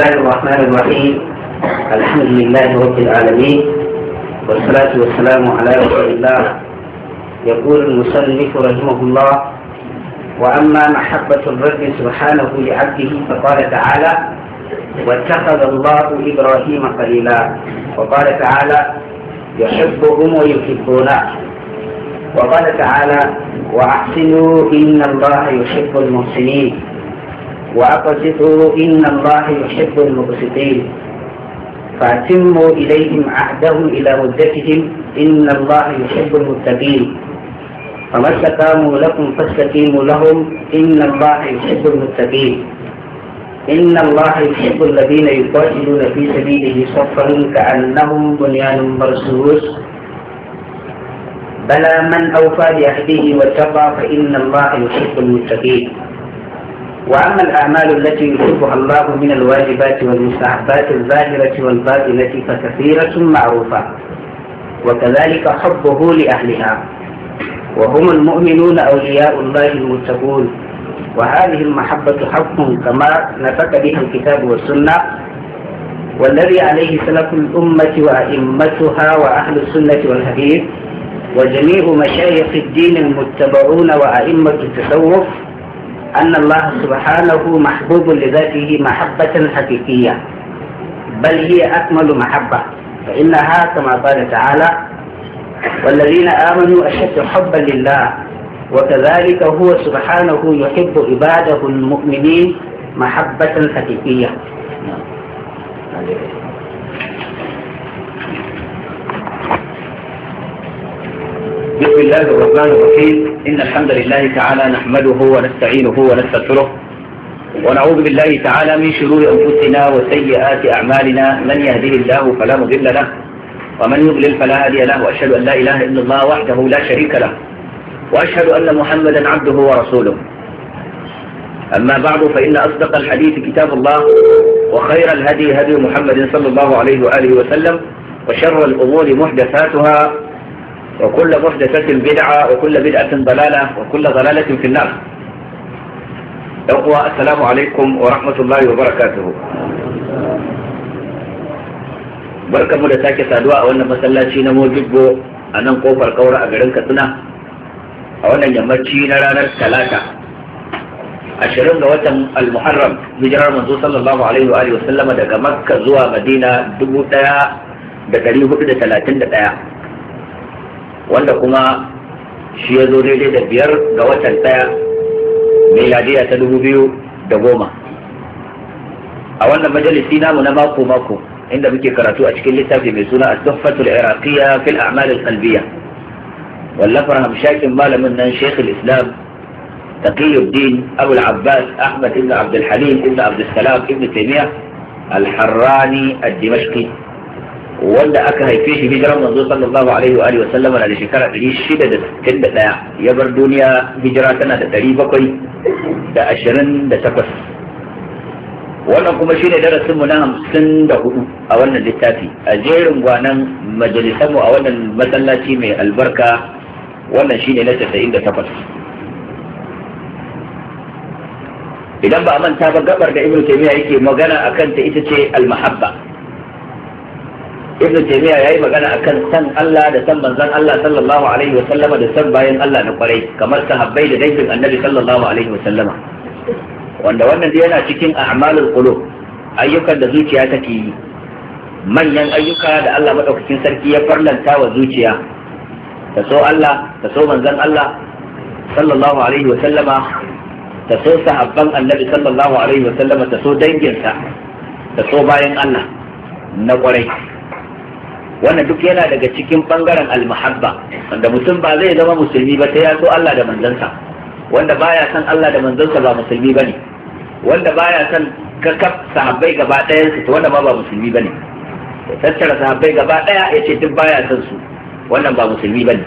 الله الرحمن الرحيم الحمد لله رب العالمين والصلاة والسلام على رسول الله يقول المصنف رحمه الله وأما محبة الرب سبحانه لعبده فقال تعالى واتخذ الله إبراهيم خليلا وقال تعالى يحبهم ويحبونه وقال تعالى وأحسنوا إن الله يحب المحسنين وأقسطوا إن الله يحب المقسطين فأتموا إليهم عهدهم إلى مدتهم إن الله يحب المتقين فما استقاموا لكم فاستقيموا لهم إن الله يحب المتقين إن الله يحب الذين يقاتلون في سبيله صفا كأنهم بنيان مرصوص بلى من أوفى بعهده واتقى فإن الله يحب المتقين وأما الأعمال التي يحبها الله من الواجبات والمستحبات الظاهرة والباطنة فكثيرة معروفة وكذلك حبه لأهلها وهم المؤمنون أولياء الله المتقون وهذه المحبة حق كما نفك بها الكتاب والسنة والذي عليه سلف الأمة وأئمتها وأهل السنة والحديث وجميع مشايخ الدين المتبعون وأئمة التصوف أن الله سبحانه محبوب لذاته محبة حقيقية بل هي أكمل محبة فإنها كما قال تعالى والذين آمنوا أشد حبا لله وكذلك هو سبحانه يحب عباده المؤمنين محبة حقيقية بسم الله الرحمن الرحيم إن الحمد لله تعالى نحمده ونستعينه ونستغفره ونعوذ بالله تعالى من شرور أنفسنا وسيئات أعمالنا من يهده الله فلا مضل له ومن يضلل فلا هادي له وأشهد أن لا إله إلا الله وحده لا شريك له وأشهد أن محمدا عبده ورسوله أما بعد فإن أصدق الحديث كتاب الله وخير الهدي هدي محمد صلى الله عليه وآله وسلم وشر الأمور محدثاتها وكل محدثة بدعة وكل بدعة ضلالة وكل ضلالة في النار أخوة السلام عليكم ورحمة الله وبركاته بركة مدتاك سادواء وانا مسلا شينا موجبو أنا نقوف القورة أقرن كتنا وانا نجمت يمشي لانا الثلاثة أشرون ga المحرم al-muharram صلى الله عليه وآله وسلم دقا مكة زوا مدينة دبوتا دقا dubu daya da دقا wanda kuma shi ya zo daidai da biyar ga watan daya miladiya ta dubu biyu da goma a wannan majalisi namu na mako mako inda muke karatu a cikin littafi mai suna as-suffatul iraqiyya fil a'mal al-qalbiyya wallafar shakin malamin nan Sheikh al-Islam Taqiyuddin Abu al-Abbas Ahmad ibn Abdul Halim ibn Abdul Salam ibn Taymiyyah al-Harrani ad-Dimashqi wanda aka haife shi hijiran manzo sallallahu alaihi wa alihi wasallama na da shekara 661 ya bar duniya hijira tana da 728 wannan kuma shine darasin mu na 54 a wannan littafi a jerin gwanan majalisanmu a wannan masallaci mai albarka wannan shine na 98 idan ba a manta ba gabar da ibnu taymiya yake magana akan ta ita ce al-mahabba ibn taymiya yayi magana akan san Allah da san manzon Allah sallallahu alaihi wa sallama da san bayan Allah na kwarai kamar sahabbai da dangin annabi sallallahu alaihi wa sallama wanda wannan yana cikin a'malul qulub ayyukan da zuciya take yi manyan ayyuka da Allah madaukakin sarki ya farlanta wa zuciya ta so Allah ta so manzon Allah sallallahu alaihi wa sallama ta so sahabban annabi sallallahu alaihi wa sallama ta so danginsa ta so bayan Allah na kwarai wannan duk yana daga cikin bangaren almuhabba wanda mutum ba zai zama musulmi ba sai ya so Allah da manzansa wanda baya san Allah da manzansa ba musulmi bane wanda baya san kakaf sahabbai gaba ɗaya su to wanda ma ba musulmi bane tattara sahabbai gaba ɗaya yace duk baya san su wannan ba musulmi bane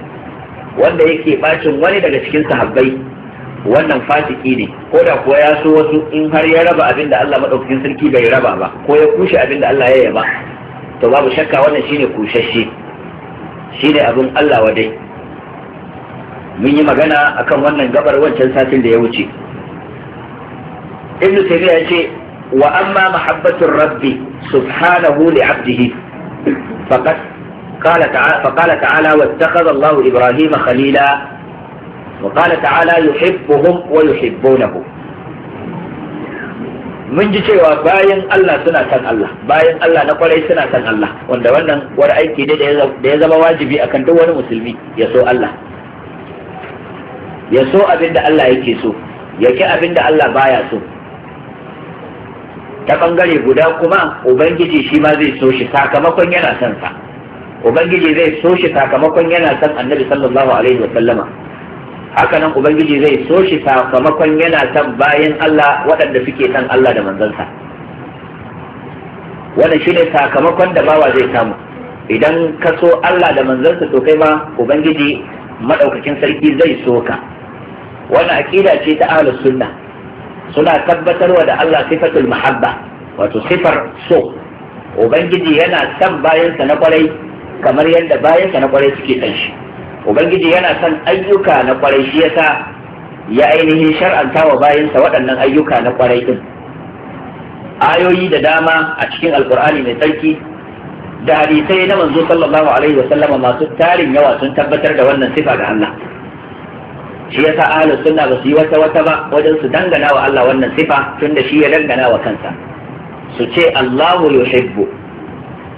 wanda yake bacin wani daga cikin sahabbai wannan fasiki ne ko da kuwa ya so wasu in har ya raba abin da Allah madaukakin sarki bai raba ba ko ya kushe abin da Allah ya yaba to babu shakka wannan shine kushashe shine abin Allah wadai mun yi magana akan wannan gabar wancan satin da ya wuce ibnu taymiya yace wa amma mahabbatu rabbi subhanahu li 'abdihi faqad qala ta'ala faqala ta'ala wattakhadha Allahu Ibrahima khalila وقال تعالى يحبهم ويحبونه mun ji cewa bayan Allah suna san Allah bayan Allah na kwarai suna san Allah wanda wannan wani aiki ne da ya zama wajibi akan duk wani musulmi ya so Allah ya so abin da Allah yake so ya ki abin da Allah baya so ta bangare guda kuma ubangiji shi ma zai so shi sakamakon yana son sa ubangiji zai so shi sakamakon yana son annabi sallallahu alaihi wa sallama haka nan ubangiji zai so shi sakamakon yana kan bayan Allah waɗanda suke son Allah da manzansa wannan ne sakamakon da bawa zai samu idan ka so Allah da manzansa to kai ma ubangiji madaukakin sarki zai so ka wannan aqida ce ta ahlus sunna suna tabbatarwa da Allah sifatul mahabba wato sifar so ubangiji yana son bayansa na kwarai kamar yadda bayansa na kwarai suke san shi ubangiji yana son ayyuka na kwarai shi yasa ya ainihin shar'anta wa bayansa waɗannan ayyuka na kwarai din ayoyi da dama a cikin alkur'ani mai tsarki da hadisai na manzo sallallahu alaihi wa sallama masu tarin yawa sun tabbatar da wannan sifa ga Allah shi yasa ahlus sunna ba su yi wata wata ba wajen su dangana wa Allah wannan sifa tunda shi ya dangana wa kansa su ce Allahu yuhibbu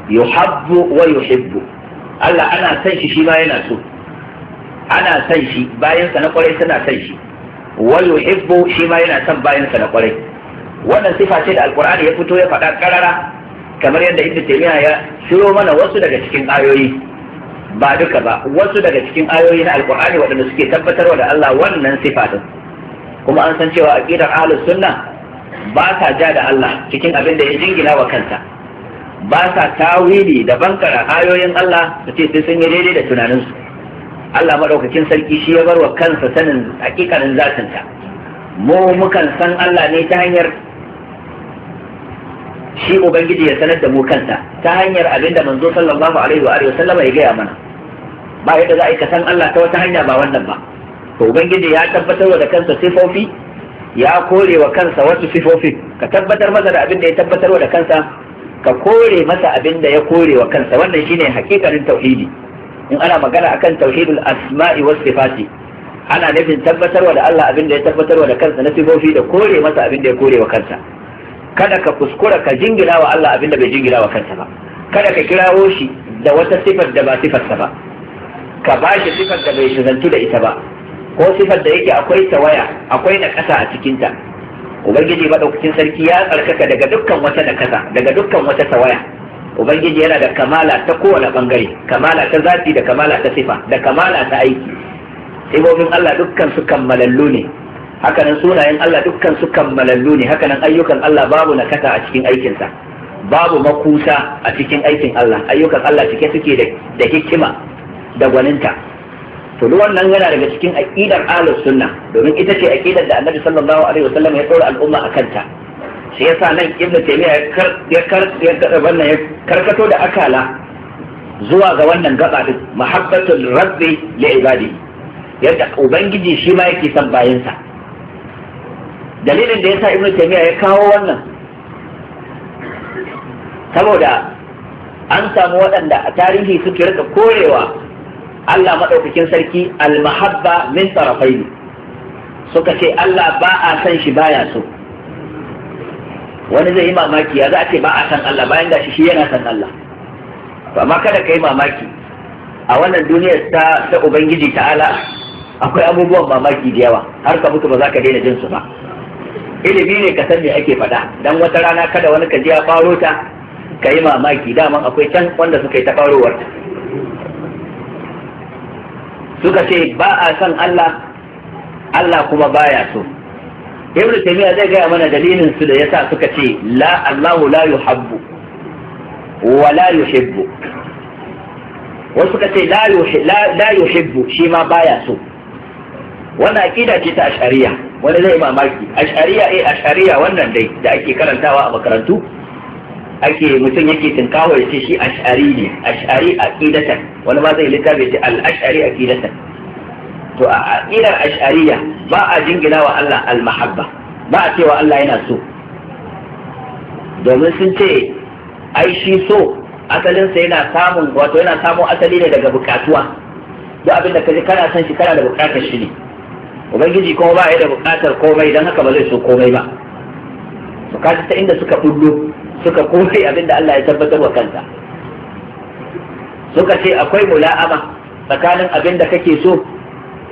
yuhabbu wa yuhibbu Allah ana son shi shi ma yana so ana son shi bayansa na kwarai suna san shi Wayo yuhibbu shi ma yana son bayansa na kwarai wannan sifa ce da alqur'ani ya fito ya faɗa karara kamar yadda ibnu taymiya ya shiro mana wasu daga cikin ayoyi ba duka ba wasu daga cikin ayoyi na alqur'ani waɗanda suke tabbatarwa da Allah wannan sifa din kuma an san cewa aqidar ahlus sunna ba ta ja da Allah cikin abin da ya jingina wa kanta ba sa tawili da bankara ayoyin Allah su ce sun yi daidai da tunaninsu Allah madaukakin sarki shi ya bar wa kansa sanin hakikanin zatinsa mu mukan san Allah ne ta hanyar shi ubangiji ya sanar da mu kansa ta hanyar abinda manzo sallallahu alaihi wa alihi wasallama ya gaya mana ba yadda za a yi ka san Allah ta wata hanya ba wannan ba to ubangiji ya tabbatar da kansa sifofi ya kore wa kansa wasu sifofi ka tabbatar masa da abin da ya tabbatar da kansa ka kore masa abin da ya kore wa kansa wannan shine hakikanin tauhidi in ana magana akan tauhidul asma'i was sifati ana nufin tabbatarwa da Allah abin da ya tabbatarwa da kansa na sifofi da kore masa abin da ya kore wa kansa kada ka kuskura ka jingina wa Allah abin da bai jingina wa kansa ba kada ka kirawo shi da wata sifar da ba sifarsa ba ka ba shi sifar da bai shazantu da ita ba ko sifar da yake akwai waya akwai na nakasa a cikin ta ubangiji madaukakin sarki ya tsarkaka daga dukkan wata nakasa daga dukkan wata waya. ubangiji yana da kamala ta kowane bangare kamala ta zafi da kamala ta sifa da kamala ta aiki sifofin Allah dukkan su kammalallu ne hakanan sunayen Allah dukkan su kammalallu ne hakanan ayyukan Allah babu nakata a cikin aikinsa babu makusa a cikin aikin Allah ayyukan Allah cike suke da hikima da gwaninta to duk wannan yana daga cikin aqidar ahlus sunna domin ita ce aqidar da Annabi sallallahu alaihi wasallam ya tsora al'umma akanta shi yasa nan ibnu taymiya ya kar wannan ya karkato da akala zuwa ga wannan gaba din mahabbatul rabbi li ibadi yadda ubangiji shi ma yake son bayansa dalilin da yasa ibnu taymiya ya kawo wannan saboda an samu waɗanda a tarihi suke rika korewa Allah maɗaukakin sarki al almahabba min tsarafai suka ce Allah ba a san shi baya so wani zai yi mamaki ya za a ce ba a san Allah bayan gashi shi yana san Allah to amma kada ka yi mamaki a wannan duniyar ta ta ubangiji ta'ala akwai abubuwan mamaki da yawa har ka mutu ba za ka daina jin su ba ilimi ne ka san me ake faɗa dan wata rana kada wani ka je ya faro ta ka yi mamaki Dama akwai can wanda suka yi ta farowar suka ce ba a san Allah Allah kuma baya so ibnu taymiya zai gaya mana dalilin su da yasa suka ce la Allahu la yuhabbu wa la yuhibbu wasu suka ce la yuhibbu shi ma baya so wannan aqida ce ta ash'ariya wani zai mamaki ash'ariya eh ash'ariya wannan dai da ake karantawa a makarantu ake mutum yake tinkawa ya ce shi ash'ari ne ash'ari aqidatan wani ma zai littafi ce al ash'ari aqidatan to a aqidar ashariya ba a jingina wa Allah almahabba, mahabba ba a cewa Allah yana so domin sun ce ai shi so asalinsa yana samun wato yana samun asali ne daga bukatuwa duk abin da kaji kana son shi kana da bukatar shi ne ubangiji kuma ba ya da bukatar komai don haka ba zai so komai ba su kaji ta inda suka bullo suka komai abin da Allah ya tabbatar wa kansa suka ce akwai mula'ama tsakanin abin da kake so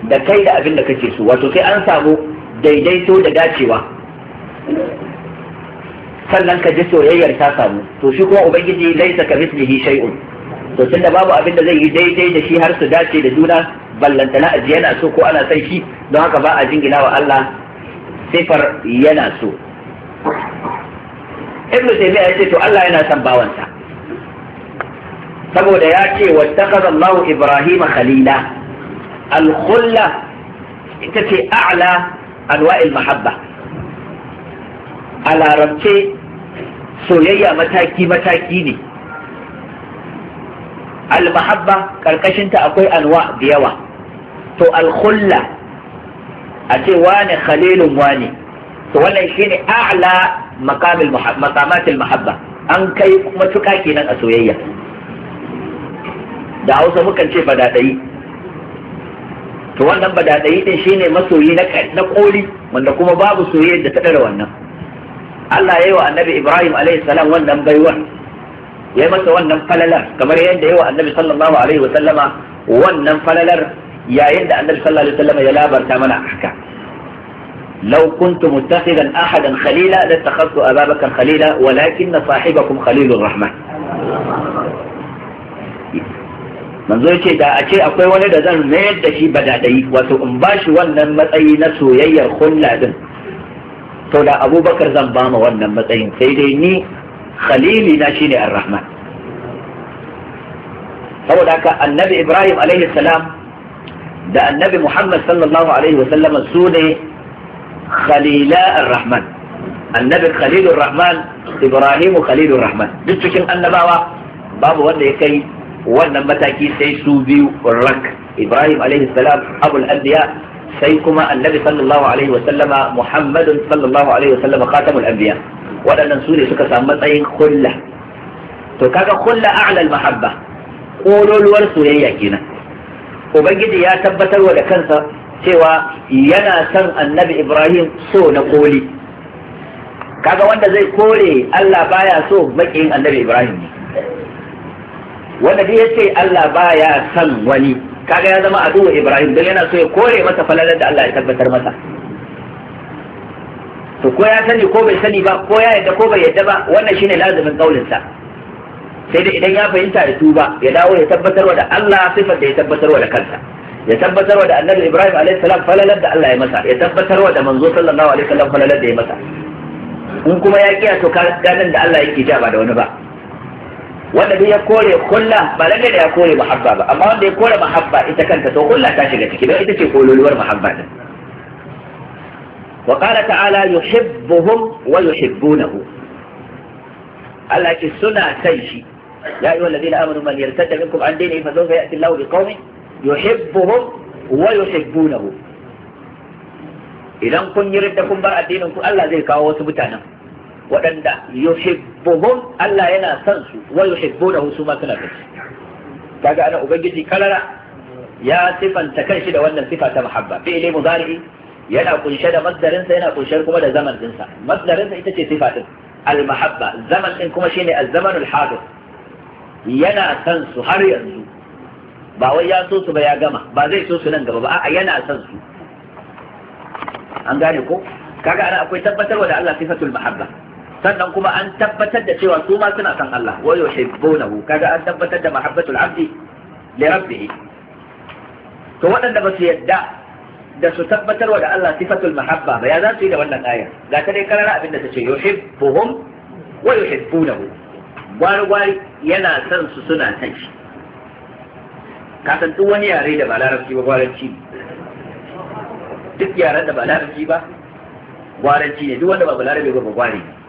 da kai da abin da kake so wato sai an samu daidaito da dacewa sannan ka ji soyayyar ta samu to shi kuma ubangiji zai ka mislihi shay'un to tunda babu abin da zai yi daidai da shi har su dace da juna na ajiye yana so ko ana son shi don haka ba a jingina wa Allah sifar yana so ibn taymiya yace to Allah yana san bawansa saboda ya ce wattakaza Allahu Ibrahim khalila al-khulla ita ce a'la anwa'il mahabba a larabce soyayya mataki mataki ne al-mahabba karkashinta akwai anwa da yawa to al-khulla a ce wane khalilun wane to wannan shine a'la maqamil maqamatil mahabba an kai matuƙa kenan a soyayya da hausa mukan ce ba to wannan badadai din shine masoyi na na koli wanda kuma babu soyayya da ta dare wannan Allah yayi wa annabi Ibrahim alaihi salam wannan baiwar ya masa wannan falalar kamar yadda ya wa annabi sallallahu alaihi wa sallama wannan falalar yayin da annabi sallallahu alaihi wa sallama ya labarta mana haka لو كنت متخذا احدا خليلا لاتخذت ابا بكر خليلا ولكن صاحبكم خليل الرحمن manzo yace da a ce akwai wani da zan mayar da shi badadai wato in ba shi wannan matsayi na soyayyar hulla din to da abubakar zan ba ma wannan matsayin sai dai ni khalili na shine ar-rahman saboda ka annabi ibrahim alaihi salam da annabi muhammad sallallahu alaihi wa sallam su ne khalila ar-rahman annabi khalilur rahman ibrahim khalilur rahman duk cikin annabawa babu wanda ya kai wannan mataki sai su biyu rak ibrahim alaihi salam abul anbiya sai kuma annabi sallallahu alaihi wa sallama muhammadun sallallahu alaihi wa sallama khatamul anbiya waɗannan su ne suka samu matsayin kulla to kaga kulla a'lal mahabba kololuwar soyayya kenan ubangiji ya tabbatarwa da kansa cewa yana son annabi ibrahim so na koli kaga wanda zai kore Allah baya so makiyin annabi Ibrahim ne wanda dai yace Allah baya son wani kaga ya zama addu'a Ibrahim dan yana so ya kore masa falalar da Allah ya tabbatar masa to ko ya sani ko bai sani ba ko ya yadda ko bai yadda ba wannan shine lazimin kaulin sa sai dai idan ya fahimta da tuba ya dawo ya wa da Allah sifar da ya wa da kansa ya wa da annabi Ibrahim alaihi salam falalar da Allah ya masa ya wa da manzo sallallahu alaihi wasallam falalar da ya masa in kuma ya kiyaye to ganin da Allah yake ja ba da wani ba wanda duk ya kore kulla ba lalle da ya kore mahabba ba amma wanda ya kore mahabba ita kanta to kulla ta shiga ciki don ita ce kololuwar mahabba din wa qala ta'ala yuhibbuhum wa yuhibbunahu Allah ce suna san shi ya ayyuhal ladina amanu man yartadda minkum an dinihi fa sawfa ya'ti Allahu biqaumin yuhibbuhum wa yuhibbunahu idan kun yi ridda kun bar addinin ku Allah zai kawo wasu mutanen waɗanda yuhibbuhum Allah yana son su wa yuhibbunahu su ma suna son kaga ana ubangiji kalara ya sifanta kanshi da wannan sifa ta muhabba fi'li mudari'i yana kunshe da masdarinsa yana kunshe kuma da zaman dinsa masdarinsa ita ce sifa din al muhabba zaman din kuma shine az-zaman al-hadir yana san su har yanzu ba wai ya so su ba ya gama ba zai so su nan gaba ba a'a yana san su an gane ko kaga ana akwai tabbatarwa da Allah sifatul muhabba. sannan kuma an tabbatar da cewa su ma suna san Allah wa yuhibbunahu kaga an tabbatar da mahabbatul abdi li rabbih to waɗanda ba su yadda da su tabbatar wa da Allah sifatul mahabba ba ya za su yi da wannan aya, ga ta dai karara abinda ta ce yuhibbuhum wa yuhibbunahu gwari gwari yana son su suna san shi ka san duk wani yare da ba larabci ba gwaranci duk yaren da ba larabci ba gwaranci ne duk wanda ba balarabe ba ba gwari ne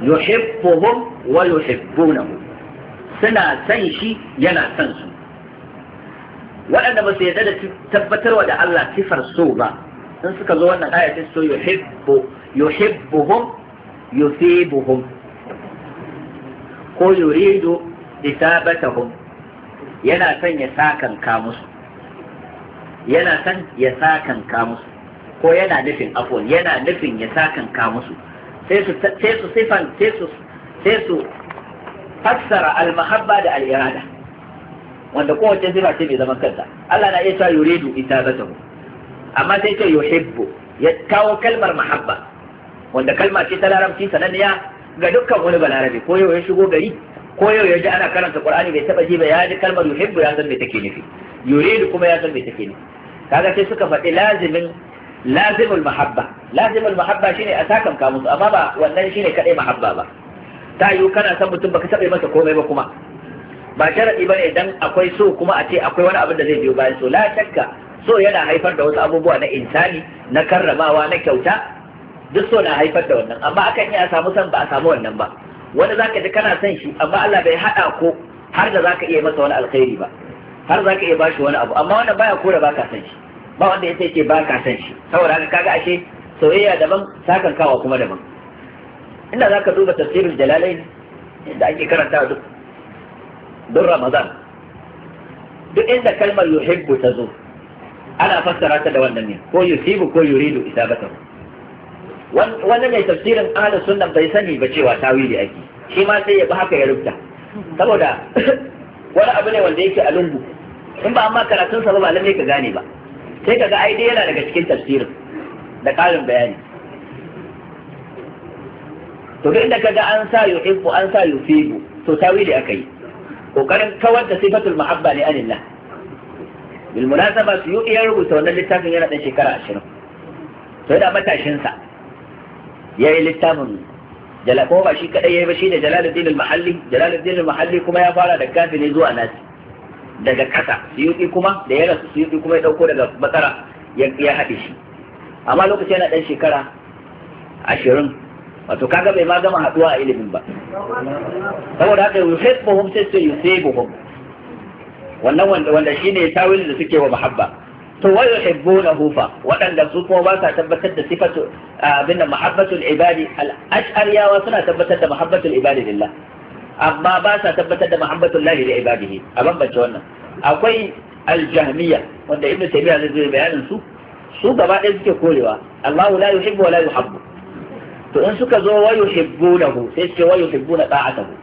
yuhibbuhum wa yuhibbunahu suna san shi yana san su waɗanda ba su yarda da tabbatarwa da Allah sifar so ba in suka zo wannan aya ta so yuhibbu yuhibbuhum yusibuhum ko yuridu isabatahum yana san ya ka musu yana son ya ka musu ko yana nufin afon yana nufin ya sakanka musu sai su sai su sifan sai su fassara al-mahabba da al-irada wanda kowace sifa ce mai zaman kanta Allah na iya cewa yuridu itabatahu amma sai ce yuhibbu ya kawo kalmar mahabba wanda kalma ce ta larabci sananniya ga dukkan wani balarabe ko yau ya shigo gari ko yau ya ji ana karanta qur'ani bai taba ji ba ya ji kalmar yuhibbu ya san me take nufi yuridu kuma ya san me take nufi kaga sai suka faɗi lazimin lazimul mahabba lazimul mahabba shine a sakan ka musu amma ba wannan shine kadai mahabba ba ta yiwu kana san mutum baka tabe masa komai ba kuma ba sharadi bane idan akwai so kuma a ce akwai wani abin da zai biyo bayan so la shakka so yana haifar da wasu abubuwa na insani na karramawa na kyauta duk so na haifar da wannan amma akan iya samu san ba a samu wannan ba wani zaka ji kana san shi amma Allah bai hada ko har da zaka iya masa wani alkhairi ba har zaka iya bashi wani abu amma wannan baya kore baka san shi ba wanda ya ce ba ka san shi saboda haka kaga ashe soyayya daban sakan kawa kuma daban inda za ka duba tafsirin jalalai da ake karanta duk don ramadan duk inda kalmar yuhibbu ta zo ana fassara ta da wannan ne ko yusibu ko yuridu isabatahu wannan mai tafsirin ala sunnan bai sani ba cewa tawili ake shi ma sai ya bi haka ya rubuta saboda wani abu ne wanda yake a lungu in ba amma karatun sa ba malamai ka gane ba sai kaga ai dai yana daga cikin tafsirin da ƙarin bayani to duk inda ga an sa yuhibbu an sa yufibu to tawili akai kokarin kawar da sifatul muhabba ne anillah bil munasaba su yi ya rubuta wannan littafin yana ɗan shekara 20 to da matashin sa yayi littafin jala ko ba shi kadai yayi ba shi da Jalaluddin al-Mahalli Jalaluddin al-Mahalli kuma ya fara da kafin zuwa nasi daga kasa suyuti kuma da ya rasu suyuti kuma ya dauko daga matsara ya haɗe shi amma lokacin yana ɗan shekara ashirin wato kaga bai ma gama haɗuwa a ilimin ba saboda haka yau sai sai yau sai buhum wannan wanda wanda ne tawil da suke wa mahabba to wai wa na hufa waɗanda su kuma ba sa tabbatar da sifatu abinda mahabbatul ibadi al'ash'ariyawa suna tabbatar da mahabbatul ibadi lillah amma ba sa tabbatar da muhammadun lahi da ibadihi a bambance wannan akwai aljahmiya wanda ibnu taymiya zai zai bayanin su su gaba ɗaya suke korewa Allahu la yuhibbu wa la yuhabbu to in suka zo wa yuhibbunahu sai suke wa yuhibbuna ta'atahu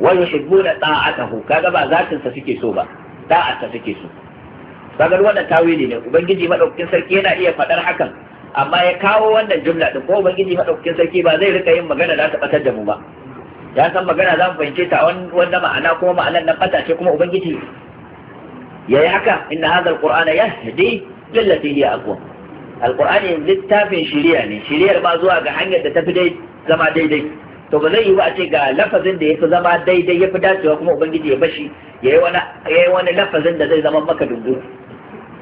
wa yuhibbuna ta'atahu kaga ba zatin sa suke so ba da'a suke so kaga wannan tawili ne ubangiji madaukakin sarki yana iya faɗar hakan amma ya kawo wannan jumla din ko ubangiji madaukakin sarki ba zai rika yin magana da ta batar da mu ba ya san magana za mu fahimce ta wanda ma'ana kuma ma'anar nan fata ce kuma ubangiji ya yi haka inna hadha alqur'ana yahdi lillati hiya aqwa alqur'ani littafin shiriya ne shiriyar ba zuwa ga hanyar da fi dai zama daidai to ba zai yi ba a ce ga lafazin da yafi zama daidai yafi dacewa kuma ubangiji ya bashi yayi wani yayi wani lafazin da zai zama maka dungu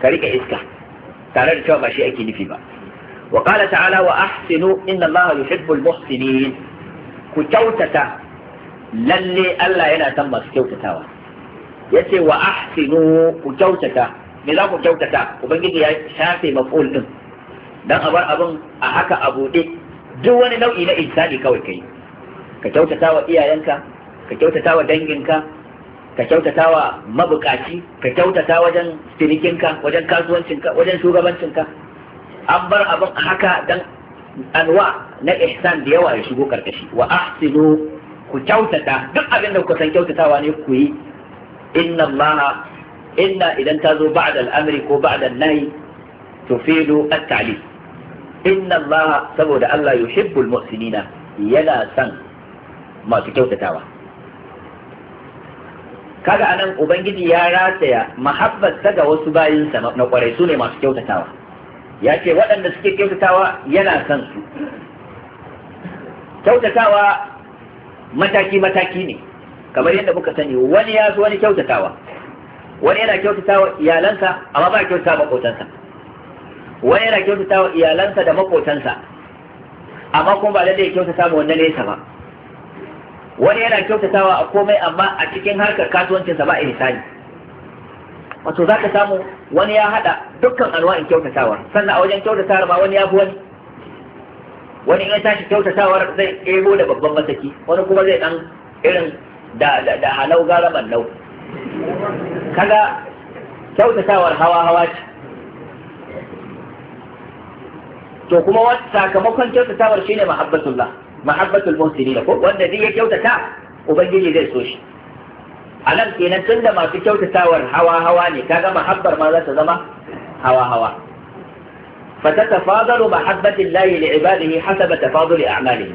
ka rike iska tare da cewa ba shi ake nufi ba وقال تعالى وأحسنوا إن الله يحب المحسنين ku kyautata lalle Allah yana san masu kyautatawa yace wa ahsinu ku kyautata me za ku kyautata ubangiji ya shafe maf'ul din dan a bar a haka a buɗe duk wani nau'i na insani kawai kai ka kyautata wa iyayenka ka kyautata wa danginka ka kyautata wa mabukaci ka kyautata wajen cinikinka wajen kasuwancinka wajen shugabancinka an bar abin haka dan anwa na ihsan da yawa ya shigo karkashi wa ahsinu ku kyautata duk abin da kuka san kyautatawa ne ku yi inna allaha inna idan ta zo ba'da al'amri ko ba'da nahi tufidu at-ta'lim inna allaha saboda Allah yuhibbul muhsinina yana san masu kyautatawa kaga anan ubangiji ya rataya mahabbarsa ga wasu bayinsa na kwarai su ne masu kyautatawa ya ce waɗanda suke kyautatawa yana son su kyautatawa mataki-mataki ne kamar yadda muka sani wani ya zo wani kyautatawa wani yana kyautatawa iyalansa amma ba kyautatawa makotansa wani yana kyautatawa iyalansa da makotansa amma kuma ba lalle ya kyautata ma wannan nesa ba wani yana kyautatawa a komai amma a cikin harkar kasuwancinsa ba ihsani wato za ka samu wani ya haɗa dukkan alwa'in kyautatawa sannan a wajen kyautatawar ma wani ya fi wani wani ya tashi kyautatawar zai ebo da babban mataki wani kuma zai ɗan irin da da halau gara mallau kaga kyautatawar hawa hawa ce to kuma wata sakamakon kyautatawar shine mahabbatullah mahabbatul muhsinin ko wanda zai kyautata ubangiji zai so shi a nan kenan tun da masu kyautatawar hawa hawa ne kaga mahabbar ma za ta zama hawa hawa فتتفاضل محبة الله لعباده حسب تفاضل أعمالهم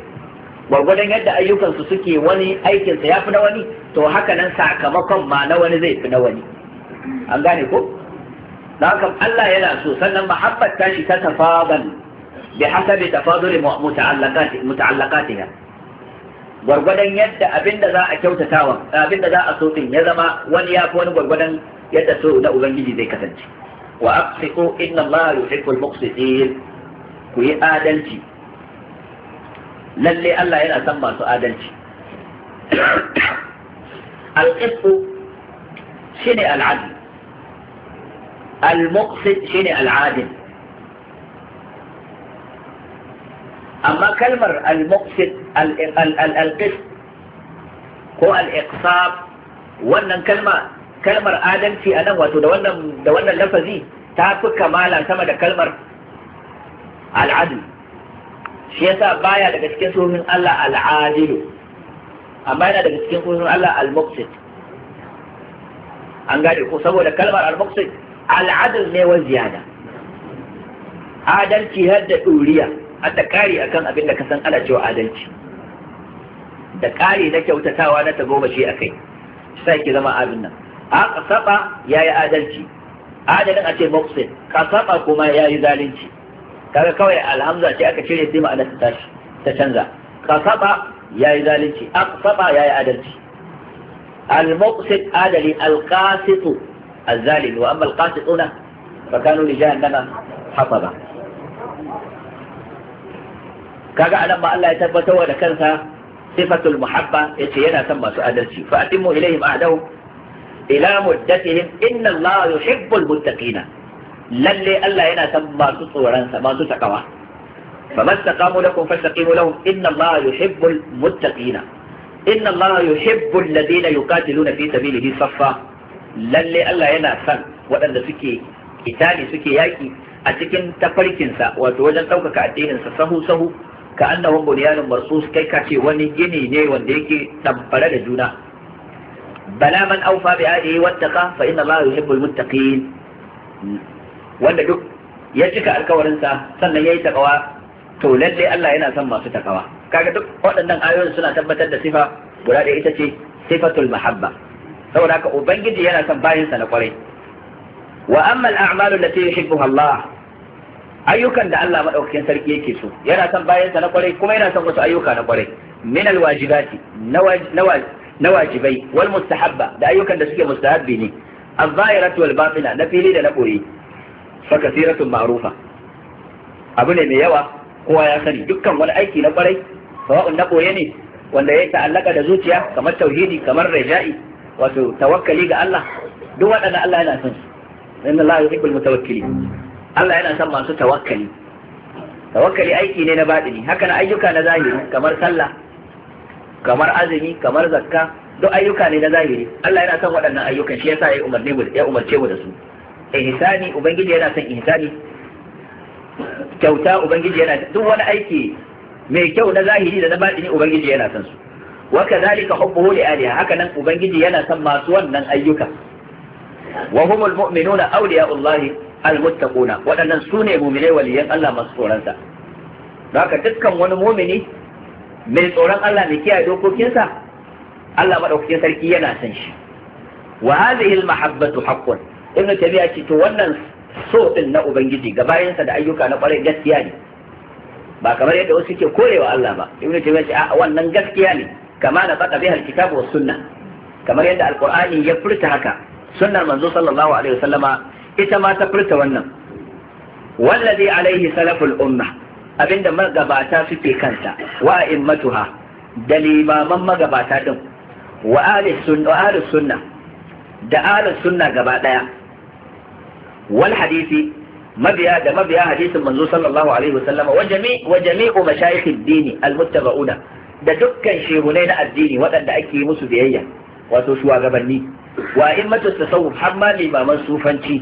gwargwadon yadda ayyukansu suke wani aikinsa ya fi na wani to haka sakamakon ma na wani zai fi na wani an gane ko da haka Allah yana so sannan mahabbat tashi ta hasabi gwargwadon yadda abinda za a kyautatawa abinda za a so ya zama wani ya fi wani gwargwadon yadda so na ubangiji zai kasance wa aqsitu inna allaha yuhibbul muqsitin ku yi adalci lalle Allah yana son masu adalci al-qisṭu shine al-'adl al-muqsit shine al-'adil amma kalmar al-muqsid al-qis ko al-iqsab wannan kalma kalmar adalci a nan wato da wannan da wannan lafazi ta fi kamala sama da kalmar al-adl shi yasa baya daga cikin sunan Allah al-adilu amma yana daga cikin sunan Allah al-muqsid an gane ko saboda kalmar al-muqsid al-adl ne wa ziyada adalci har da ɗuriya. har da a kan abin da ka san ana cewa adalci da kari na kyautatawa na ta shi a kai sai ki zama abin nan a kasaba ya yi adalci adalin a ce mufsin kasaba kuma ya yi zalunci kaga kawai alhamza ce aka cire sai ma'ana ta tashi ta canza kasaba ya yi zalunci a kasaba ya yi adalci al-muqsit adali al-qasitu al-zalim wa amma al-qasituna fa kanu li jahannama hasaba kaga anan ma Allah ya tabbatar wa da kansa sifatul muhabba yace yana son masu adalci fa atimmu ilaihim ahdahu ila muddatihim inna Allah yuhibbul muttaqina lalle Allah yana son masu tsoron sa masu takawa فما استقاموا لكم فاستقيموا لهم إن الله يحب المتقين إن الله يحب الذين يقاتلون في سبيله صفا lalle Allah yana son waɗanda suke kitali suke yaƙi a cikin tafarkinsa wato wajen ɗaukaka addininsa sahu sahu ka annahum bunyanun marsus kai ka ce wani gini ne wanda yake tamfare da juna bala man aufa bi ahdihi wattaqa fa inna allaha yuhibbul muttaqin wanda duk ya cika alkawarinsa sannan yayi takawa to lalle Allah yana son masu takawa kaga duk waɗannan ayoyin suna tabbatar da sifa guda da ita ce sifatul mahabba saboda haka ubangiji yana son bayinsa na kwarai wa amma al-a'malu allati yuhibbuha Allah ayyukan da Allah madaukakin sarki yake so yana son bayansa na kwarai kuma yana son wasu ayyuka na kwarai min alwajibati na wajibai wal mustahabba da ayyukan da suke mustahabbi ne az-zahiratu wal batina na fili da na koyi fa kasiratun ma'rufa abu ne mai yawa kowa ya sani dukkan wani aiki na kwarai sawa'un na koye ne wanda ya ta'allaka da zuciya kamar tauhidi kamar raja'i wato tawakkali ga Allah duk waɗanda Allah yana son su inna Allah yuhibbul mutawakkilin Allah yana son masu tawakkali tawakkali aiki ne na baɗini haka na ayyuka na zahiri kamar sallah kamar azumi kamar zakka duk ayyuka ne na zahiri Allah yana son waɗannan ayyukan shi yasa ya umarne mu ya umarce mu da su ihsani ubangiji yana son ihsani kyauta ubangiji yana duk wani aiki mai kyau na zahiri da na baɗini ubangiji yana son su wa kadhalika hubbuhu li aliha haka nan ubangiji yana son masu wannan ayyuka wa humul mu'minuna awliya'ullahi almuttaquna waɗannan su ne mumine waliyan Allah masu tsoronsa don haka dukkan wani mumini mai tsoron Allah mai kiyaye dokokinsa Allah madaukakin sarki yana san shi wa hadhihi almahabbatu haqqun ibnu tabi'a ce to wannan so din na ubangiji ga bayansa da ayyuka na kwarai gaskiya ne ba kamar yadda wasu ke korewa Allah ba Ibn tabi'a ce a wannan gaskiya ne kama na faɗa bihar kitabu wa sunna kamar yadda alqur'ani ya furta haka sunnar manzo sallallahu alaihi wasallama ita ma ta furta wannan wallazi alaihi salaful umma abinda magabata suke kansa wa immatuha da limaman magabata din wa ahli sunna da ahli sunna gaba daya wal hadisi mabiya da mabiya hadisin manzo sallallahu alaihi wasallam wa jami' wa jami'u mashayikh ad-din al-muttaba'una da dukkan shehunai na addini waɗanda ake musu biyayya wato shugabanni wa immatus tasawuf har ma limaman sufanci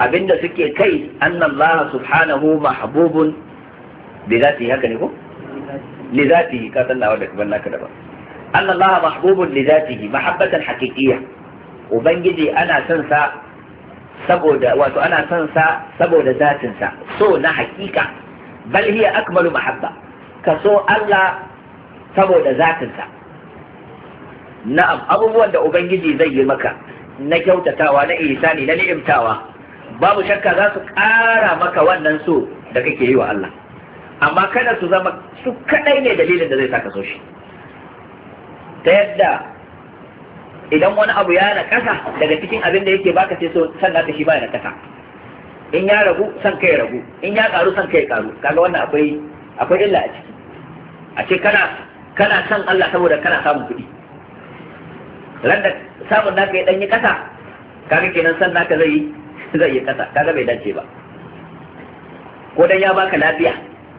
abinda suke kai laha subhanahu mahbubun bi zati haka ne ko li zati ka san nawa da kaban naka daban annallaha mahbubun li zatihi mahabbatan haqiqiyya ubangiji ana son sa saboda wato ana son sa saboda zatin sa so na hakika bal hiya akmalu mahabba ka so Allah saboda zatin sa na'am abubuwan da ubangiji zai yi maka na kyautatawa na ihsani na ni'imtawa babu shakka za su ƙara maka wannan so da kake yi wa Allah amma kada su zama su kaɗai ne dalilin da zai saka so shi ta yadda idan wani abu ya na ƙasa daga cikin abin da yake baka sai so san naka shi ba na ƙasa in ya ragu san kai ragu in ya ƙaru san kai ƙaru kaga wannan akwai akwai illa a ciki a ce kana kana san Allah saboda kana samun kuɗi ran da samun naka ya ɗanyi ƙasa kaga kenan san naka zai yi zai iya kasa kaga bai dace ba ko dan ya baka lafiya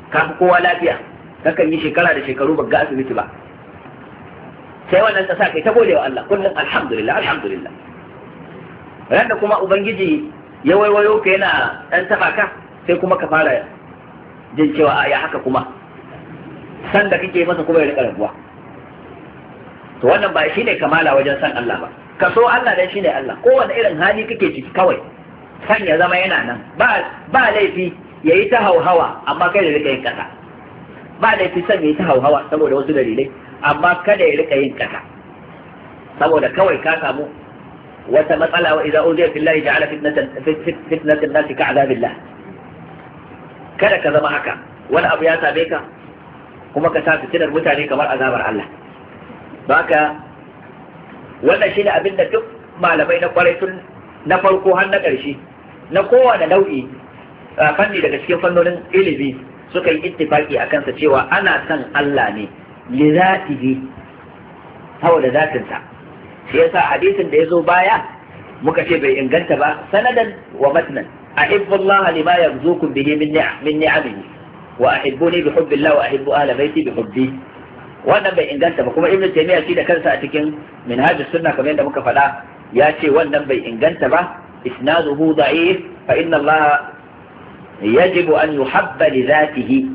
ka fi kowa lafiya kakan yi shekara da shekaru ba ga asibiti ba sai wannan ta sa kai ta gode wa Allah kullum alhamdulillah alhamdulillah ran da kuma ubangiji ya waiwayo ka yana dan taba ka sai kuma ka fara jin cewa a ya haka kuma san da kake masa kuma ya rika rabuwa to wannan ba shine kamala wajen san Allah ba ka so Allah dan shine Allah kowane irin hali kake ciki kawai kan ya zama yana nan ba laifi ya yi ta hauhawa amma kai da rika yin kasa ba laifi son ya yi ta hauhawa saboda wasu dalilai amma kada ya rika yin kasa saboda kawai ka samu wata matsala wa idza uziya fillahi ja'ala fitnatan fitnatan nas ka azabillah kada ka zama haka wani abu ya same ka kuma ka sa fitinar mutane kamar azabar Allah baka wannan shine abin da duk malamai na kwarai tun na farko har na ƙarshe na kowane nau'i fanni daga cikin fannonin ilimi suka yi ittifaki a kansa cewa ana son Allah ne li zatihi saboda zatinsa shi yasa hadisin da ya zo baya muka ce bai inganta ba sanadan wa matnan أحب الله لما يرزوكم min من نعم من نعمه وأحبوني بحب الله وأحب أهل بيتي بحبي wannan bai inganta ba kuma ibnu taymiya shi da kansa a cikin minhajus sunna kamar yadda muka faɗa ya ce wannan bai inganta ba إسناده ضعيف فإن الله يجب أن يحب لذاته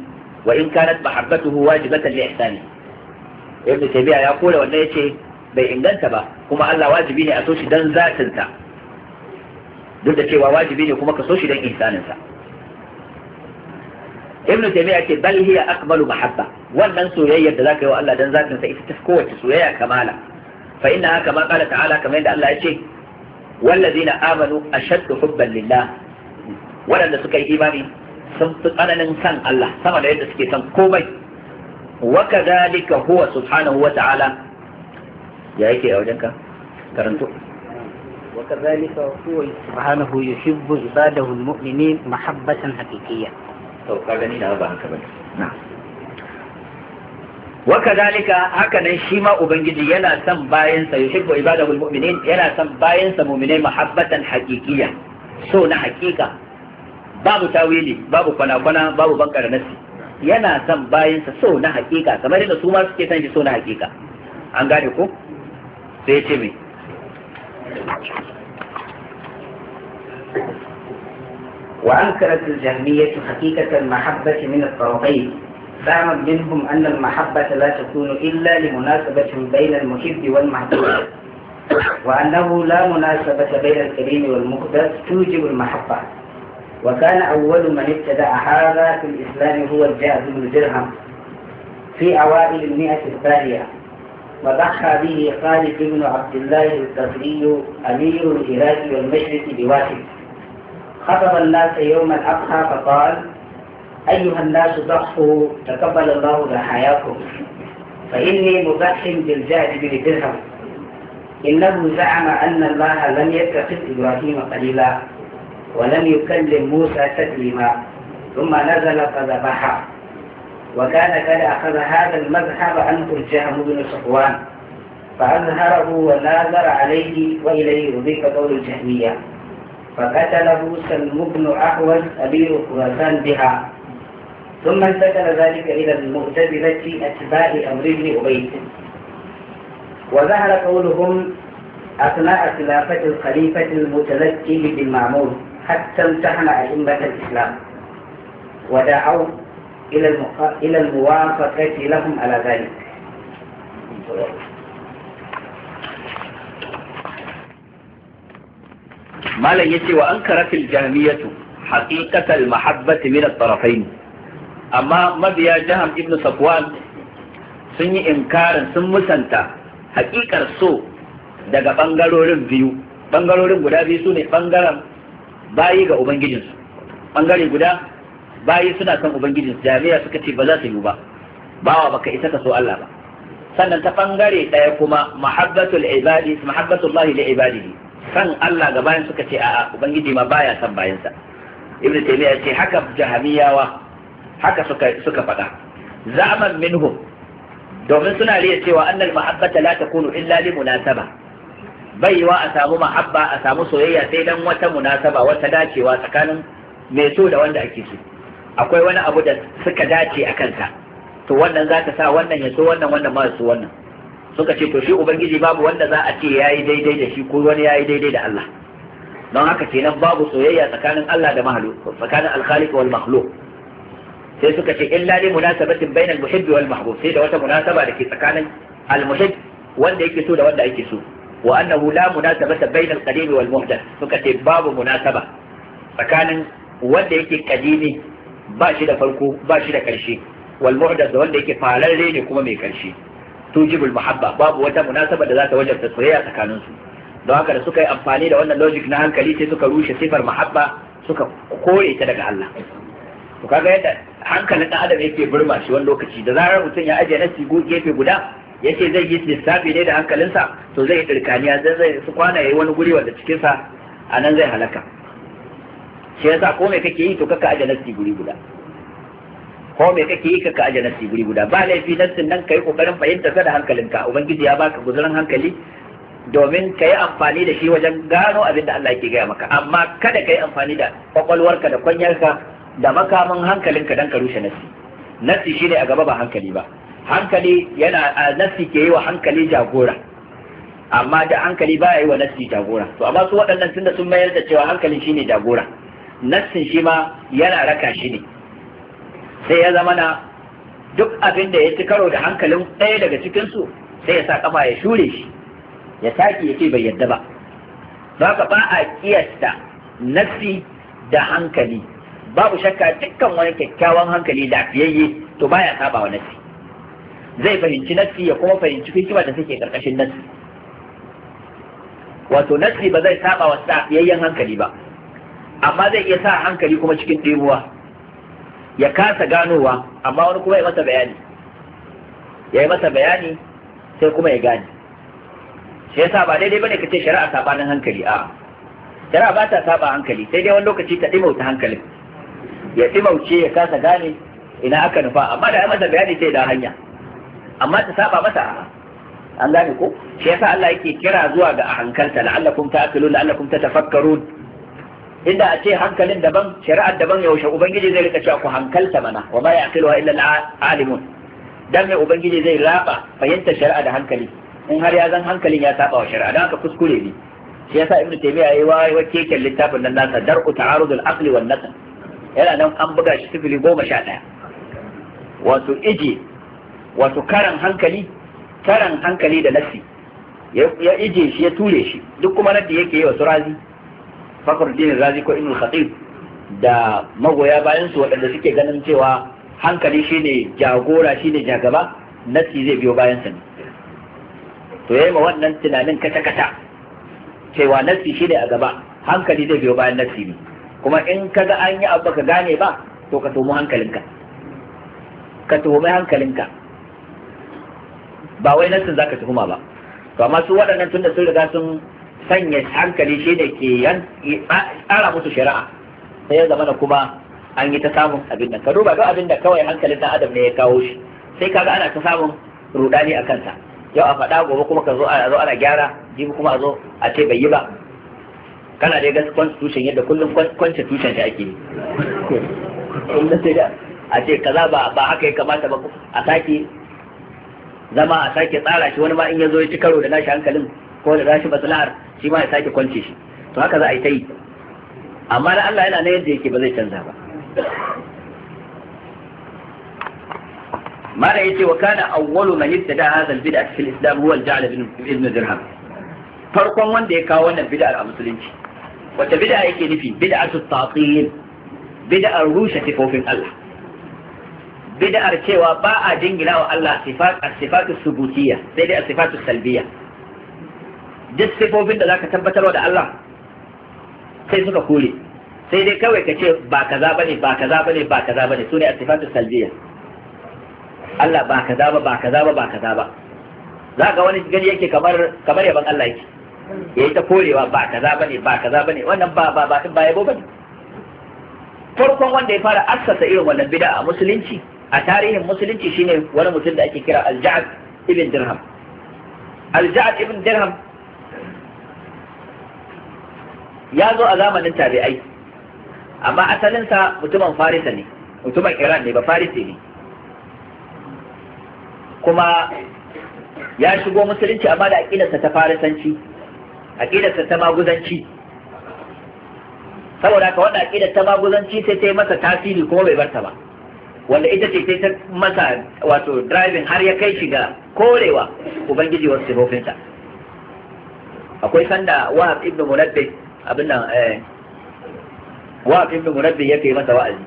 وإن كانت محبته واجبة لإحسانه ابن تيمية يقول وأن يتي bai inganta ba kuma Allah wajibi ne a so shi dan zatinsa duk da cewa wajibi ne kuma ka so shi dan ihsaninsa ibn taymiya ce bal hiya akmalu mahabba wannan soyayyar da zaka yi wa Allah dan zatinsa ita ta kowace soyayya kamala fa inna ma ta'ala kamar da Allah ya ce wallazina amanu ashaddu hubban lillah waɗanda suka yi imani sun fi tsananin san Allah sama da yadda suke san komai wa kadhalika huwa subhanahu wa ta'ala ya wajenka وكذلك هو سبحانه يحب عباده المؤمنين محبة حقيقية. أو قال لي نعم. wa kadhalika haka nan shi ma ubangiji yana son bayan sa yuhibbu ibadahu almu'minin yana son bayan sa mu'minai mahabbatan haqiqiyya so na haqiqa babu tawili babu kwana-kwana babu bankar nasi yana son bayan sa so na haqiqa kamar yadda su ma suke son shi so na haqiqa an gane ko sai ce me وأنكرت الجهمية حقيقة المحبة من الطرفين زعمت منهم أن المحبة لا تكون إلا لمناسبة بين المحب والمحبوب وأنه لا مناسبة بين الكريم والمقدس توجب المحبة وكان أول من ابتدع هذا في الإسلام هو الجاهز بن درهم في أوائل المئة الثانية وضحى به خالد بن عبد الله الكفري أمير العراق والمشرق بواحد خطب الناس يوم الأضحى فقال أيها الناس ضحوا تقبل الله ضحاياكم فإني مضح بالجهد بن درهم إنه زعم أن الله لم يتخذ إبراهيم قليلا ولم يكلم موسى تكليما ثم نزل فذبحه وكان قد أخذ هذا المذهب عنه الجهم بن صفوان فأظهره وناظر عليه وإليه أضيف قول الجهمية فقتله سلم بن أحوز أبي خراسان بها ثم انتقل ذلك إلى المعتزلة أتباع أمر ابن أبي وظهر قولهم أثناء خلافة الخليفة المتلتي بالمعمول حتى امتحن أئمة الإسلام ودعوا إلى إلى الموافقة لهم على ذلك. ما لم وأنكرت الجهمية حقيقة المحبة من الطرفين amma mabiya jihar ibn safwan sun yi inkarin sun musanta hakikar so daga bangarorin biyu bangarorin guda biyu su ne bangaren bayi ga ubangijinsu bangare guda bayi suna son ubangijinsu jami'a suka ce ba za su yi ba bawa baka isa ka so Allah ba sannan ta bangare ɗaya kuma mahabbatul ibadi mahabbatullahi li ibadihi san Allah ga bayan suka ce a'a ubangiji ma baya son bayansa ibnu taymiya ce haka jahamiyawa haka suka suka faɗa za'man minhum domin suna riya cewa annal mahabbata la takunu illa li munasaba baiwa a samu mahabba a samu soyayya sai dan wata munasaba wata dacewa tsakanin mai so da wanda ake so akwai wani abu da suka dace a kansa to wannan za ta sa wannan ya so wannan wannan ma so wannan suka ce to shi ubangiji babu wanda za a ce yayi daidai da shi ko wani yayi daidai da Allah don haka kenan babu soyayya tsakanin Allah da mahluk tsakanin al-khaliq wal makhluk sai suka ce illa li munasabatin bainal muhibbi wal mahbub sai da wata munasaba da ke tsakanin al muhibb wanda yake so da wanda ake so wa annahu la munasabata bainal qadim wal muhdath suka ce babu munasaba tsakanin wanda yake kadimi ba shi da farko ba shi da karshe wal muhdath da wanda yake fararre ne kuma mai karshe tujibul muhabba babu wata munasaba da za ta wajabta soyayya tsakanin su don haka da suka yi amfani da wannan logic na hankali sai suka rushe sifar muhabba suka kore ta daga Allah to kaga yadda hankalin ɗan adam yake burma shi wani lokaci da zarar mutum ya ajiye nasi gefe guda yace zai yi lissafi ne da hankalinsa to zai yi tsirkaniya zai zai su kwana yayi wani guri wanda cikinsa a nan zai halaka shi yasa ko me kake yi to kaka ajiye nasi guri guda ko me kake yi kaka ajiye nasi guri guda ba laifi nassin nan kai kokarin fahimta da hankalinka ubangiji ya baka guzuran hankali domin ka yi amfani da shi wajen gano abin da Allah ke gaya maka amma kada ka yi amfani da kwakwalwarka da kwanyarka da makamin hankalinka dan ka rushe nafsi nafsi shine a gaba ba hankali ba hankali yana a nafsi ke yi wa hankali jagora amma da hankali ba yi wa nafsi jagora to amma su waɗannan tunda sun mayar da cewa hankali shine jagora nafsin shi ma yana raka shi ne sai ya zama na duk abin da ya ci karo da hankalin ɗaya daga cikin su sai ya sa kafa ya shure shi ya taki ya ce bai yadda ba ba ka ba a kiyasta nafsi da hankali babu shakka dukkan wani kyakkyawan hankali lafiyayye to baya saba wa nasi zai fahimci nasi ya kuma fahimci hikima da take karkashin nasi wato nasi ba zai saba wa lafiyayyen hankali ba amma zai iya sa hankali kuma cikin ɗebuwa ya kasa ganowa amma wani kuma ya masa bayani ya yi masa bayani sai kuma ya gane sai yasa ba daidai bane kace shari'a sabanin hankali a shari'a ba ta saba hankali sai dai wani lokaci ta ɗimauta hankalin ya dimauce ya kasa gane ina aka nufa amma da masa bayani sai da hanya amma ta saba masa an gane ko shi yasa Allah yake kira zuwa ga hankalta la'allakum ta'qilun la'allakum tatafakkarun inda a ce hankalin daban shari'ar daban yaushe ubangiji zai rika cewa ku hankalta mana wa ya ya'qiluha illa al-alimun dan mai ubangiji zai raba fahimtar shari'a da hankali in har ya zan hankalin ya saba wa shari'a dan haka kuskure ne shi yasa ibnu taymiya yayi wa keken littafin nan nasa dar'u ta'arudul aqli wan naql yana nan an buga shi sifili goma sha ɗaya wato ije wato karan hankali karan hankali da nassi ya ije shi ya ture shi duk kuma nan yake yi razi, fakar dini razi ko ibn khatib da magoya bayansu waɗanda suke ganin cewa hankali shine jagora shine jagaba nassi zai biyo bayan ne to yayi ma wannan tunanin kata kata cewa nassi shine a gaba hankali zai biyo bayan nassi ne kuma in ka ga an yi abu ka gane ba to ka tuhumi hankalinka ka tuhumi hankalinka ba wai nan za ka tuhuma ba to amma su waɗannan tunda sun riga sun sanya hankali shi ne ke tsara musu shari'a sai ya zama kuma an yi ta samun abin nan ka duba duk abin da kawai hankalin dan adam ne ya kawo shi sai kaga ana ta samun rudani a kansa yau a faɗa gobe kuma ka zo a zo ana gyara jibi kuma a zo a ce bai yi ba kana dai ga constitution yadda kullum constitution ta ake kullum sai da a ce kaza ba ba haka ya kamata ba a sake zama a sake tsara shi wani ma in ya zo ya ci karo da nashi hankalin ko da nashi maslahar shi ma ya sake kwance shi to haka za a yi ta yi amma na Allah yana na yadda yake ba zai canza ba mara yace wa kana awwalu man ibtada hadha al-bid'a fi al-islam huwa al-ja'l ibn dirham farkon wanda ya kawo wannan bid'a a musulunci wata bid'a yake nufi bid'atu tatil bid'ar rushe sifofin Allah bid'ar cewa ba a jingina wa Allah sifat sifatu subutiyya sai dai as-sifatu salbiyya duk sifofin da zaka tabbatarwa da Allah sai suka kore sai dai kawai ka ce ba kaza bane ba kaza bane ba kaza bane sune a sifatu salbiyya Allah ba kaza ba ba kaza ba ba kaza ba zaka wani gani yake kamar kamar yaban Allah yake ya yi ta korewa ba kaza bane ba kaza bane wannan ba ba ba ba yabo bane farkon wanda ya fara assasa irin wannan bid'a a musulunci a tarihin musulunci shine wani mutum da ake kira al-Ja'd ibn Dirham al-Ja'd ibn Dirham ya zo a zamanin tabi'ai amma asalinsa mutumin Farisa ne mutumin Iran ne ba Farisi ne kuma ya shigo musulunci amma da aƙidarsa ta farisanci aƙidarsa ta maguzanci saboda ka wanda aƙidar ta maguzanci sai ta yi masa tasiri kuma bai barta ba wanda ita ce ta masa wato driving har ya kai shi ga korewa ubangiji wasu sifofinsa akwai sanda wahab ibn munabbi abin eh wahab ibn munabbi yake masa wa'azi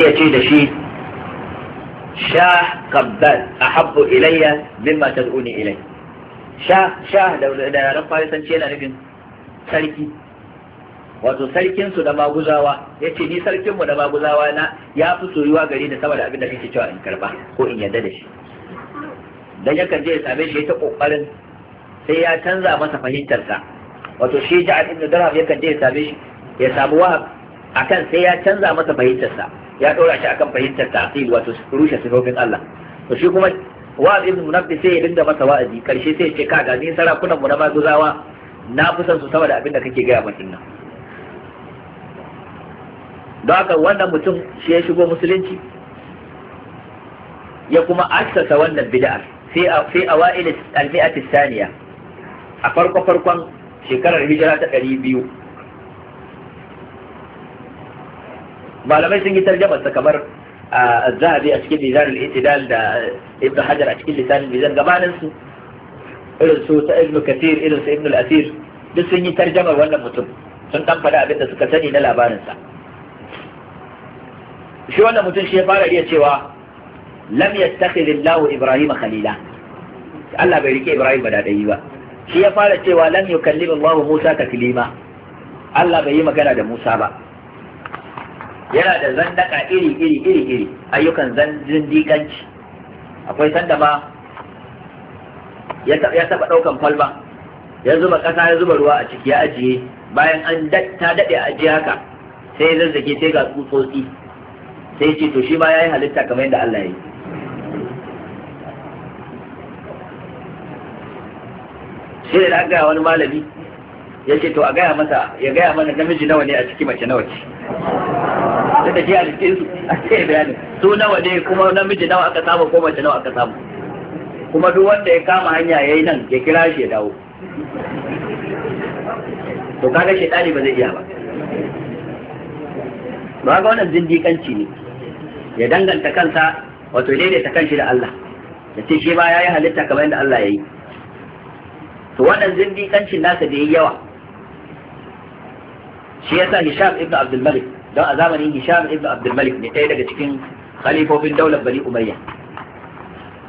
ya ce da shi sha qabbal ahabbu ilayya mimma tad'uni ilayya sha sha da yaren farisanci yana nufin sarki wato sarkinsu da maguzawa ya ce ni sarkinmu da maguzawa na ya fi soyuwa gari da sama da abin da kake cewa in karba ko in yarda da shi dan yakan je ya same shi ya ta kokarin sai ya canza masa fahimtarsa wato shi ja'al ibn ya kan je ya same shi ya samu wahab akan sai ya canza masa fahimtarsa ya dora shi akan fahimtar ta'til wato rushe sifofin Allah to shi kuma wa ibn munabbi sai ya dinga masa wa'azi karshe sai ya ce kaga ni sarakunan mu na maguzawa na fi son su sama da abin da kake gaya masa nan don haka wannan mutum shi ya shigo musulunci ya kuma assasa wannan bid'ar sai a wa'il al-mi'ati thaniya a farko farkon shekarar hijira ta ɗari malamai sun yi tarjamar kamar الذهبي أشكل ميزان الاعتدال دا ابن حجر أشكل لسان الميزان gabanin su irin su ta ibn kathir irin su ibn al-asir duk sun yi tarjamar wannan mutum sun dan faɗa abin da suka sani na labarinsa shi wannan mutum shi ya fara iya cewa lam yattakhidh Allahu Ibrahim khalila Allah bai rike Ibrahim ba dadai ba shi ya fara cewa lam yukallim Allahu Musa taklima Allah bai yi magana da Musa ba yana da zandaka iri iri iri iri ayyukan zandikanci akwai sanda ma ya taɓa ɗaukan kwalba ya zuba ƙasa ya zuba ruwa a ciki ya ajiye bayan an ta daɗe a ajiye haka sai zazzage sai ga tsutsotsi sai ce to shi ma ya yi halitta kamar yadda Allah ya yi shi da gaya wani malami ya ce to a gaya masa ya gaya mana namiji nawa ne a ciki mace nawa ce suka je a rike su a ce bayani su nawa ne kuma namiji nawa aka samu ko mace nawa aka samu kuma duk wanda ya kama hanya yayi nan ya kira shi ya dawo to kaga shi dali ba zai iya ba ba ga wannan zindikanci ne ya danganta kansa wato daidaita kanshi da Allah ya ce shi ba ya yi halitta kamar yadda Allah ya yi to wannan zindikancin nasa da yi yawa shi ya sa Hisham ibn Abdul Malik don a zamanin hisham ibn abdul malik ne ɗaya daga cikin khalifofin daular bani umayya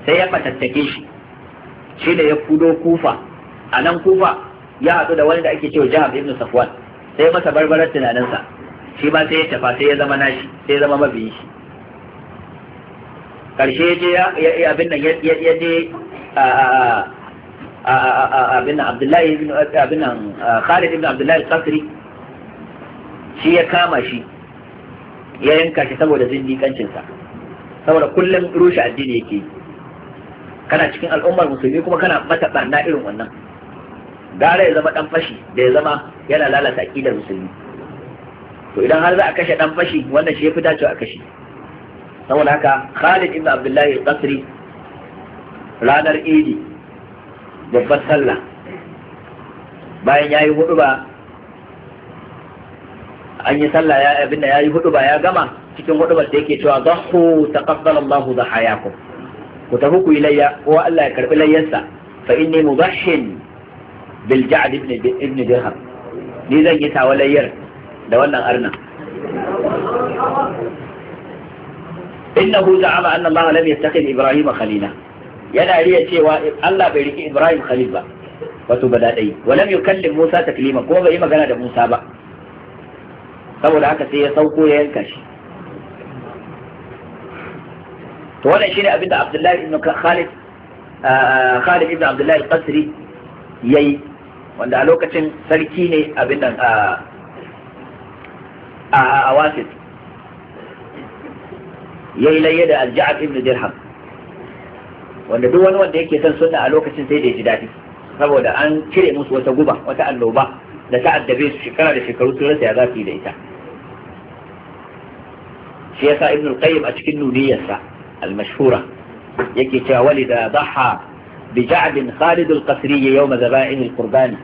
sai ya fatattake shi shi da ya kudo kufa a nan kufa ya haɗu da wani da ake cewa jihar ibn safwan sai masa barbarar tunaninsa shi ma sai ya tafa sai ya zama nashi sai ya zama mabiyi shi karshe ya je abin nan ya je abin nan abdullahi ibn nan khalid ibn abdullahi qasri shi ya kama shi ya yanka shi saboda kancinsa saboda kullum rushe addini yake kana cikin al'ummar musulmi kuma kana mata barna irin wannan gara ya zama ɗan fashi da ya zama yana lalata aqidar musulmi to idan har za a kashe ɗan fashi wannan shi ya fi dacewa a kashe saboda haka Khalid ibn Abdullahi al-Qasri ranar Idi babbar sallah bayan yayi hudu ba an yi sallah ya abinda ya yi hudu ba ya gama cikin hudu da yake cewa zahu taqabbalallahu dhahayakum ku tafi ku yi layya ko Allah ya karbi layyarsa fa inni mudahhin bil ja'd ibn ibn dirham ni zan yi tawa layyar da wannan arna innahu za'ama anna Allah lam yattakhid Ibrahim khalila yana riya cewa Allah bai riki Ibrahim khalil ba wato bada dai walam yukallim Musa taklima kuma bai magana da Musa ba saboda haka sai ya sauko ya yanka shi to wannan shine abinda Abdullahi ibn Khalid ah, ah, Khalid ibn Abdullahi al-Qasri yayi wanda a lokacin sarki ne abin nan a ah, wasit yayi layya da al-Ja'ad ibn Dirham wanda duk wani wanda yake son sunna a lokacin sai da ya ji daɗi saboda an cire musu wata guba wata annoba da ta addabe su shekara da shekaru sun rasa ya za su yi da ita shi yasa ibn al-qayyim a cikin nuniyarsa al-mashhura yake cewa walida dhaha bi ja'd khalid al-qasri yawm zaba'in al-qurbani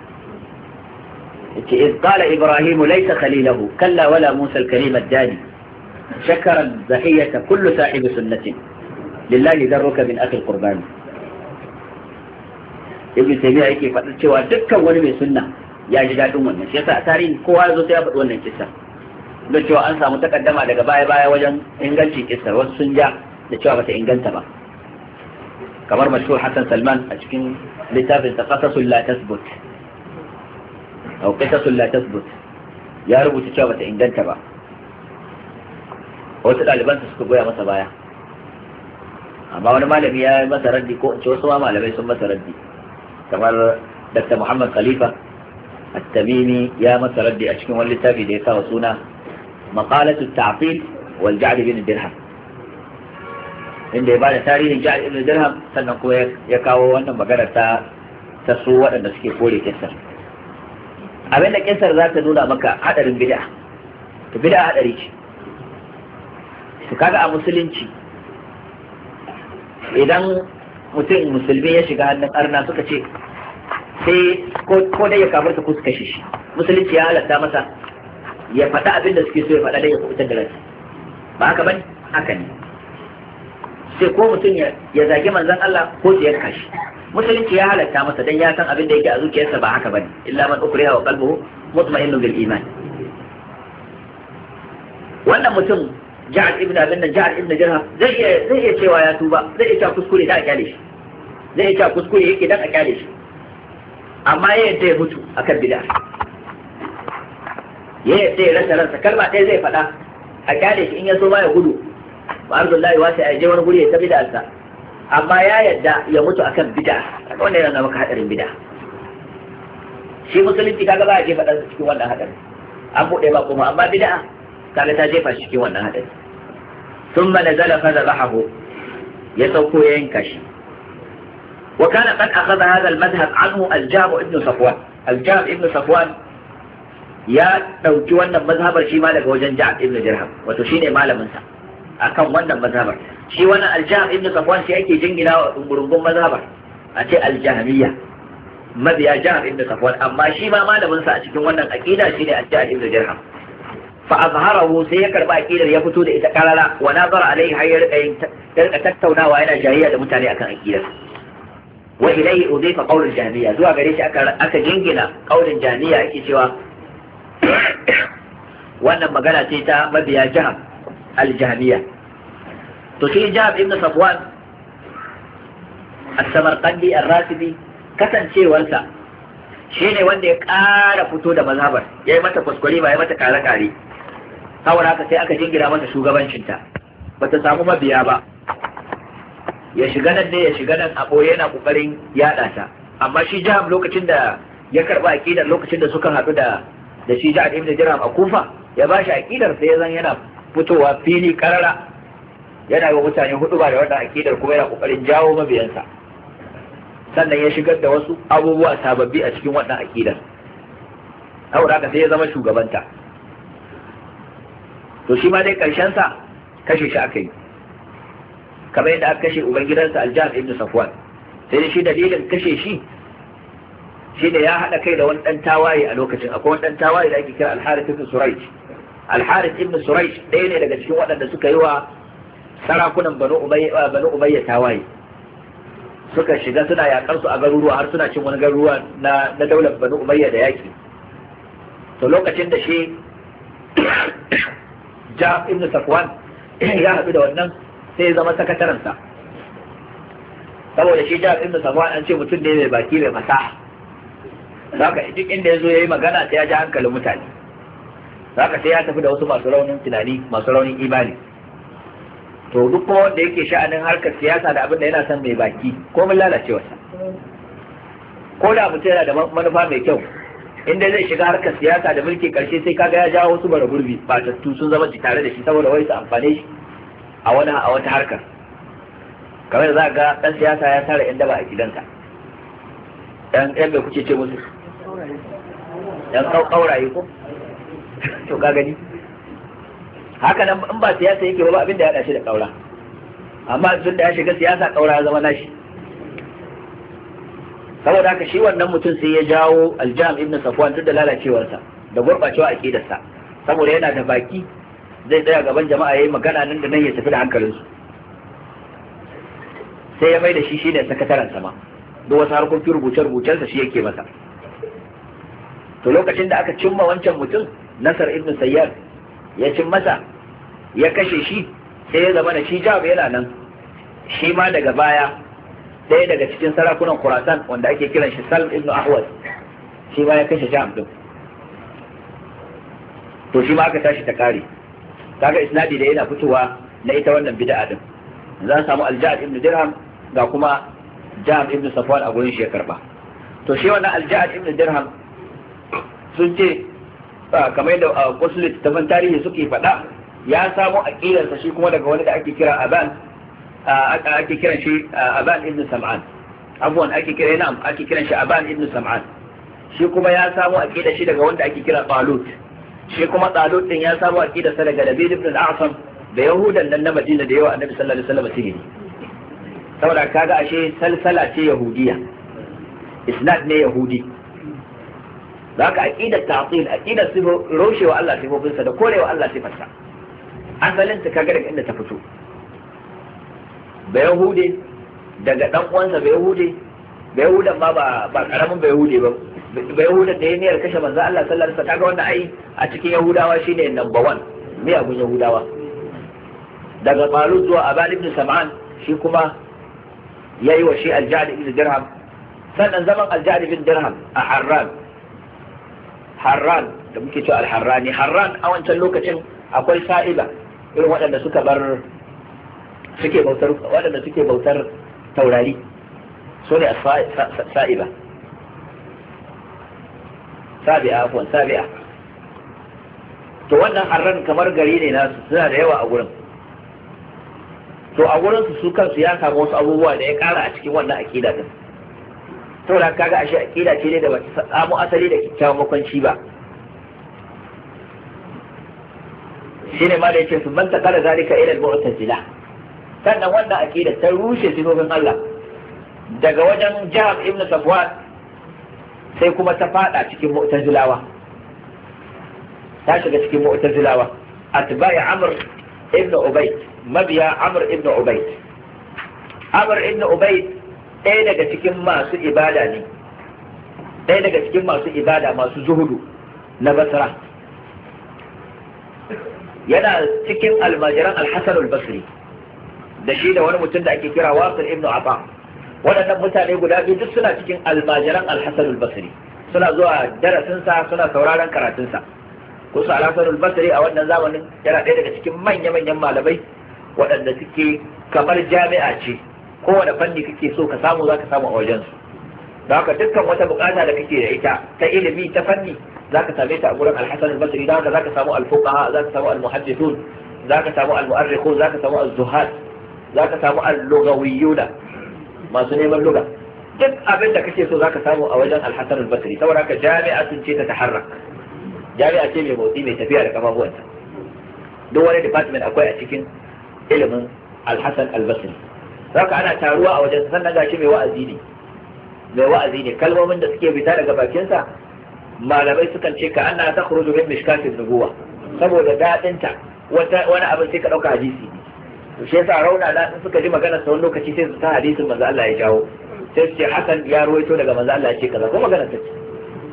yace iz qala ibrahim laysa khalilahu kalla wala musa al-kalim ad-dani شكر الضحية كل ساحب سنة لله ذرك من أخي القربان ابن تيمية yake faɗa cewa dukkan wani mai sunna ya ji daɗin wannan shi yasa tarihi kowa ya zo sai ya faɗi wannan kisa da cewa an samu takaddama daga baya-baya wajen ingancin kisar wasu sun ja da cewa bata inganta ba kamar mashhur Hassan Salman a cikin littafin sa qasasul la tasbut aw qasasul la tasbut ya rubuta cewa bata inganta ba wasu ɗaliban su suka goya masa baya amma wani malami ya yi masa raddi ko in ce wasu malamai sun masa raddi kamar Dr. Muhammad Khalifa at-Tamimi ya masa raddi a cikin wani littafi da ya kawo suna مقالة ta'fil wal ja'd الدرهم dirham inda ya bada tarihin الدرهم سنة dirham sannan kuma ya kawo wannan magana ta كسر su waɗanda suke kore kisar abin da kisar nuna maka to ce a musulunci idan mutum musulmi ya shiga hannun arna suka ce sai ko dai ya kafarta ko suka shi musulunci ya halatta masa ya faɗa abin da suke so ya faɗa dai ya kuɓutar da ransa ba haka bane haka ne sai ko mutum ya zagi manzon Allah ko ya kashi musulunci ya halatta masa dan ya san abin da yake a zuciyarsa ba haka bane illa man ukriha wa qalbuhu mutma'innun bil iman wannan mutum ja'al ibn abin nan ja'al ibn jarha zai iya zai iya cewa ya tuba zai iya cewa kuskure da a kyale shi zai iya cewa kuskure yake dan a kyale shi amma ya yadda ya mutu akan bid'a ya yadda ya rasa ransa kar kalma ɗaya zai faɗa a kyale shi in ya so ma ya gudu ba arzullahi wasu a je wani guri ya ta bida'arsa amma ya yadda ya mutu akan bida wanda yana maka hadarin bida shi musulunci kaga ba a jefa ɗansa cikin wannan hadarin an buɗe ba kuma amma bida kaga ta jefa shi cikin wannan hadarin sun mana zala fa zabahu ya sauko ya yanka shi وكان قد أخذ هذا المذهب عنه الجاب ابن صفوان الجاب ابن صفوان ya ɗauki wannan mazhabar shi ma daga wajen Ja'ad ibn Dirham wato shine malamin sa akan wannan mazhabar shi wannan al-Ja'ad ibn Safwan shi yake jingina wa dungurungun mazhabar a ce al-Jahmiyya mabiya Ja'ad ibn Safwan amma shi ma malamin sa a cikin wannan aqida shine al-Ja'ad ibn Dirham fa azharahu sai ya karba aqidar ya fito da ita karara wa nazara alai har ya rika rika tattaunawa yana jahiliya da mutane akan aqidar wa ilayhi udhifa qawl al-Jahmiyya zuwa gare shi aka aka jingina qaulin Jahmiyya ake cewa wannan magana ce ta mabiya jihar aljahmiya to shi jihar ibn safwan Asabar samarqandi a rasibi kasancewarsa shi ne wanda ya ƙara fito da mazhabar ya yi mata kwaskwari ba ya mata kare-kare saboda haka sai aka jingira mata shugabancinta ba ta samu mabiya ba ya shiga nan ne ya shiga nan a ɓoye yana ƙoƙarin yaɗa ta amma shi jihar lokacin da ya karɓa aƙidar lokacin da suka haɗu da da shi ja'ad ibn dirham a kufa ya bashi aqidar sai ya zan yana fitowa fili karara yana ga mutane hudu ba da wannan aqidar kuma yana kokarin jawo mabiyansa sannan ya shigar da wasu abubuwa sababbi a cikin wannan aqidar saboda haka sai ya zama shugabanta to shi ma dai karshen sa kashe shi aka yi kamar yadda aka kashe ubangidansa aljam ibn safwan sai shi dalilin kashe shi shi ne ya haɗa kai da wani ɗan tawaye a lokacin akwai wani ɗan tawaye da ake kira alharis ibn surayj alharis ibn surayj ɗaya ne daga cikin waɗanda suka yi wa sarakunan banu ubayya banu ubayya tawaye suka shiga suna yakar su a garuruwa har suna cin wani garuruwa na na daular banu ubayya da yaki to lokacin da shi ja ibn safwan ya haɗu da wannan sai zama sakatarensa saboda shi ja ibn safwan an ce mutum ne mai baki mai fasaha zaka duk inda yazo yayi magana sai ya ji hankalin mutane zaka sai ya tafi da wasu masu raunin tunani masu raunin imani to duk kuma wanda yake sha'anin harkar siyasa da abin da yana son mai baki ko mun lalacewa ko da mutum yana da manufa mai kyau inda zai shiga harkar siyasa da mulki karshe sai kaga ya jawo wasu bara gurbi ba tattu sun zama tare da shi saboda wai su amfane shi a wani a wata harkar kamar za ga dan siyasa ya tara yan daba a gidansa dan yan bai kuke ce musu dan kauraye ko to ka gani haka nan in ba siyasa yake ba abin da ya dace da kaura amma tun da ya shiga siyasa kaura ya zama nashi saboda haka shi wannan mutum sai ya jawo aljam ibn safwan duk da lalacewarsa da gurbacewa sa, saboda yana da baki zai tsaya gaban jama'a yayin magana nan da nan ya tafi da hankalinsu sai ya mai da shi shine sakataren sama duk wasu harkokin rubuce-rubucensa shi yake masa to lokacin da aka cimma wancan mutum nasar ibn sayyar ya cin masa ya kashe shi sai ya zama da shi jab yana nan shi ma daga baya ɗaya daga cikin sarakunan kurasan wanda ake kiran shi salm ibn ahwaz shi ma ya kashe jab din to shi ma aka tashi ta kare kaga isnadi da yana fitowa na ita wannan bid'a din za samu alja'ad ibn dirham ga kuma jam ibn safwan a gurin shi ya karba to shi wannan alja'ad ibn dirham sun ce kamar yadda uh, wasu littattafan tarihi suke faɗa ya samo aƙidarsa shi kuma daga wani da ake kira aban uh, ake kiran shi uh, aban ibn sam'an abuwan ake kira yana eh, ake kiran shi aban ibn sam'an shi kuma ya samo aƙidar shi daga wanda ake kira talut shi kuma talut din ya samo aƙidarsa daga labid ibn al-asam da yahudan nan na madina da yawa annabi sallallahu alaihi wasallam sihiri saboda kaga ashe salsala ce yahudiya isnad ne yahudi da haka aqidar ta'til aqidar sifo roshewa Allah sifofinsa da korewa Allah sifarsa asalin ta kaga daga inda ta fito ba daga dan uwansa ba yahude ba ma ba ba karamin ba ba ba da ya niyar kashe manzo Allah sallallahu alaihi wasallam kaga wanda ai a cikin yahudawa shine number 1 miyagun yahudawa daga Talut zuwa Abal ibn Sam'an shi kuma yayi wa shi al-Ja'd ibn Dirham sannan zaman al-Ja'd ibn Dirham a Harran harran da muke cewa alharrani harran a wancan lokacin akwai sa'iba irin waɗanda suka bar suke bautar waɗanda suke bautar taurari su ne sa'iba sabi'a afwan sabi'a to wannan harran kamar gari ne nasu suna da yawa a gurin to a gurin su su kansu ya samu wasu abubuwa da ya kara a cikin wannan akida din to da kaga ashe aqida ce ne da ba ta samu asali da kyakkyawan makwanci ba ne ma da yake su man takala zalika ila al-mu'tazila sannan wannan aqida ta rushe sifofin Allah daga wajen Jahab ibn Safwan sai kuma ta fada cikin mu'tazilawa ta shiga cikin mu'tazilawa atba'i Amr ibn Ubayd mabiya Amr ibn Ubayd Amr ibn Ubayd ɗaya daga cikin masu ibada ne ɗaya daga cikin masu ibada masu zuhudu na basra yana cikin almajiran alhassan albasri da shi da wani mutum da ake kira wasil ibnu abba waɗannan mutane guda biyu duk suna cikin almajiran alhassan albasri suna zuwa darasinsa suna sauraron karatunsa kusa alhassan albasri a wannan zamanin yana ɗaya daga cikin manya-manyan malamai waɗanda suke kamar jami'a ce kowane fanni kake so ka samu zaka samu a wajen su da haka dukkan wata bukata da kake da ita ta ilimi ta fanni zaka same ta a gurin al-Hasan al da haka zaka samu al-fuqaha zaka samu al-muhaddithun zaka samu al-mu'arrikhun zaka samu az-zuhad zaka samu al masu neman lugha duk abin da kake so zaka samu a wajen al-Hasan saboda haka jami'atun ce ta taharrak jami'a ce mai motsi mai tafiya da kafafuwanta duk wani department akwai a cikin ilimin al-Hasan haka ana taruwa a wajen sannan gashi mai wa'azi ne mai wa'azi ne kalmomin da suke fita daga bakin sa malamai sukan ce ka ana ta khuruju min mishkatin nubuwa saboda dadin ta wani abin sai ka dauka hadisi to shi yasa rauna na suka ji magana sa wani lokaci sai su ta hadisin manzo Allah ya jawo sai su ce hasan ya ruwaito daga manzo Allah ya ce kaza ko magana ta ce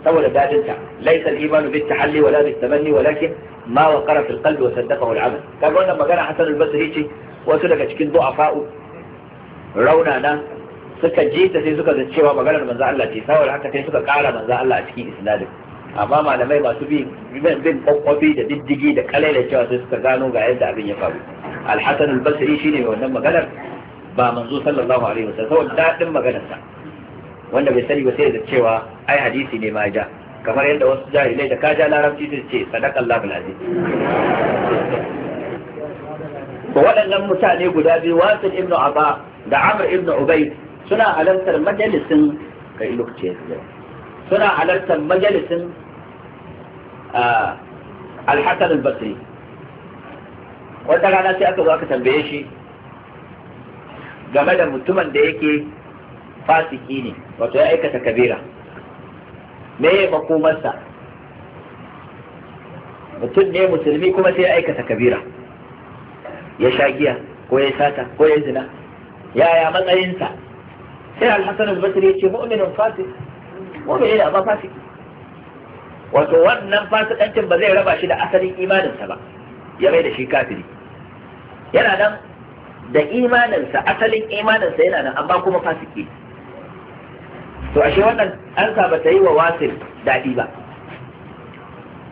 saboda dadin ta laysa al-imanu bit tahalli wala bit tamanni walakin ma waqara fil qalbi wa saddaqahu al-amal kaga wannan magana hasan al-basri ce wasu daga cikin du'afa'u rauna nan suka ji ta sai suka cewa maganar manzo Allah ce saboda haka sai suka kara manzo Allah a cikin isnadin amma malamai masu bi bin kokobi da diddigi da kalaila cewa sai suka gano ga yadda abin ya faru al-hasan al-basri shine wannan maganar ba manzo sallallahu alaihi wasallam saboda dadin maganar sa wanda bai sani ba sai da cewa ai hadisi ne ma ja kamar yadda wasu jahilai da kaja larabci su ce sadakallahu alazim ba waɗannan mutane guda biyu wasil ibnu abba. da Amr ibn Ubay suna halartar majalisin kai lokaci ya suna halartar majalisin Al-Hasan al-Basri wata rana sai aka zo aka tambaye shi game da mutumin da yake fasiki ne wato ya aikata kabira me ya makomarsa mutum ne musulmi kuma sai ya aikata kabira ya sha giya ko ya sata ko ya zina yaya matsayinsa sai alhassan al-basri ya ce mu'minin fasik mu'minin da amma fasiki wato wannan fasikancin ba zai raba shi da asalin imaninsa ba ya mai da shi kafiri yana nan da imaninsa asalin imaninsa yana nan amma kuma fasiki to ashe wannan an ba ta yi wa wasil daɗi ba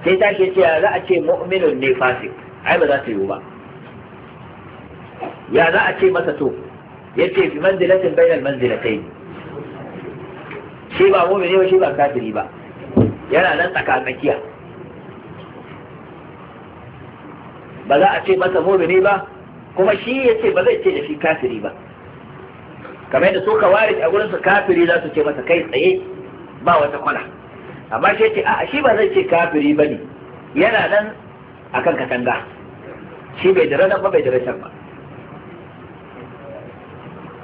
sai ta ke ce za a ce mu'minin ne fasik ai ba za ta yi ba ya za a ce masa to yake fi manzilatin bainal manzilatayn shi ba mu'mini ba shi ba kafiri ba yana nan tsakatsakiya ba za a ce masa mu'mini ba kuma shi yace ba zai ce da shi kafiri ba kamar yadda su kawari a gurin su kafiri za su ce masa kai tsaye ba wata kwana amma shi ce a shi ba zai ce kafiri ba ne yana nan akan katanga shi bai jira nan ba bai jira can ba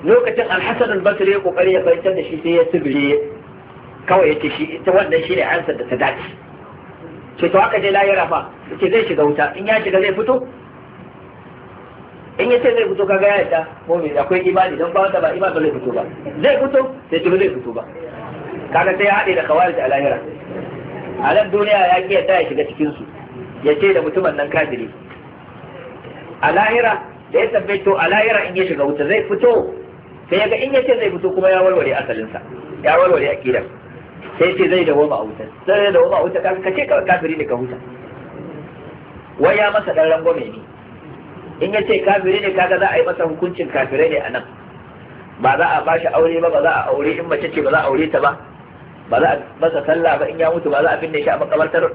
lokacin alhassan albasir ya kokari ya bayyana da shi sai ya tsibire kawai yace shi ita wannan shi ne da ta dace ce to haka je layira fa yace zai shiga wuta in ya shiga zai fito in ya ce zai fito kaga ya yadda me akwai imani don ba wata ba imani ba zai fito ba zai fito sai ce zai fito ba kaga sai ya hade da kawai da lahira a nan duniya ya ki yadda ya shiga cikin su ya ce da mutumin nan kafiri a lahira da ya tambaye to a lahira in ya shiga wuta zai fito sai ya ga in yace zai fito kuma ya warware asalinsa ya warware akidar sai ce zai dawo ma wuta sai dawo ma wuta ka ka kafiri ne ka huta wai ya masa dan rangwame ne in yace kafiri ne kaga za a yi masa hukuncin kafirai ne anan. ba za a bashi aure ba ba za a aure in mace ce ba za a aure ta ba ba za a masa sallah ba in ya mutu ba za a binne shi a makabartar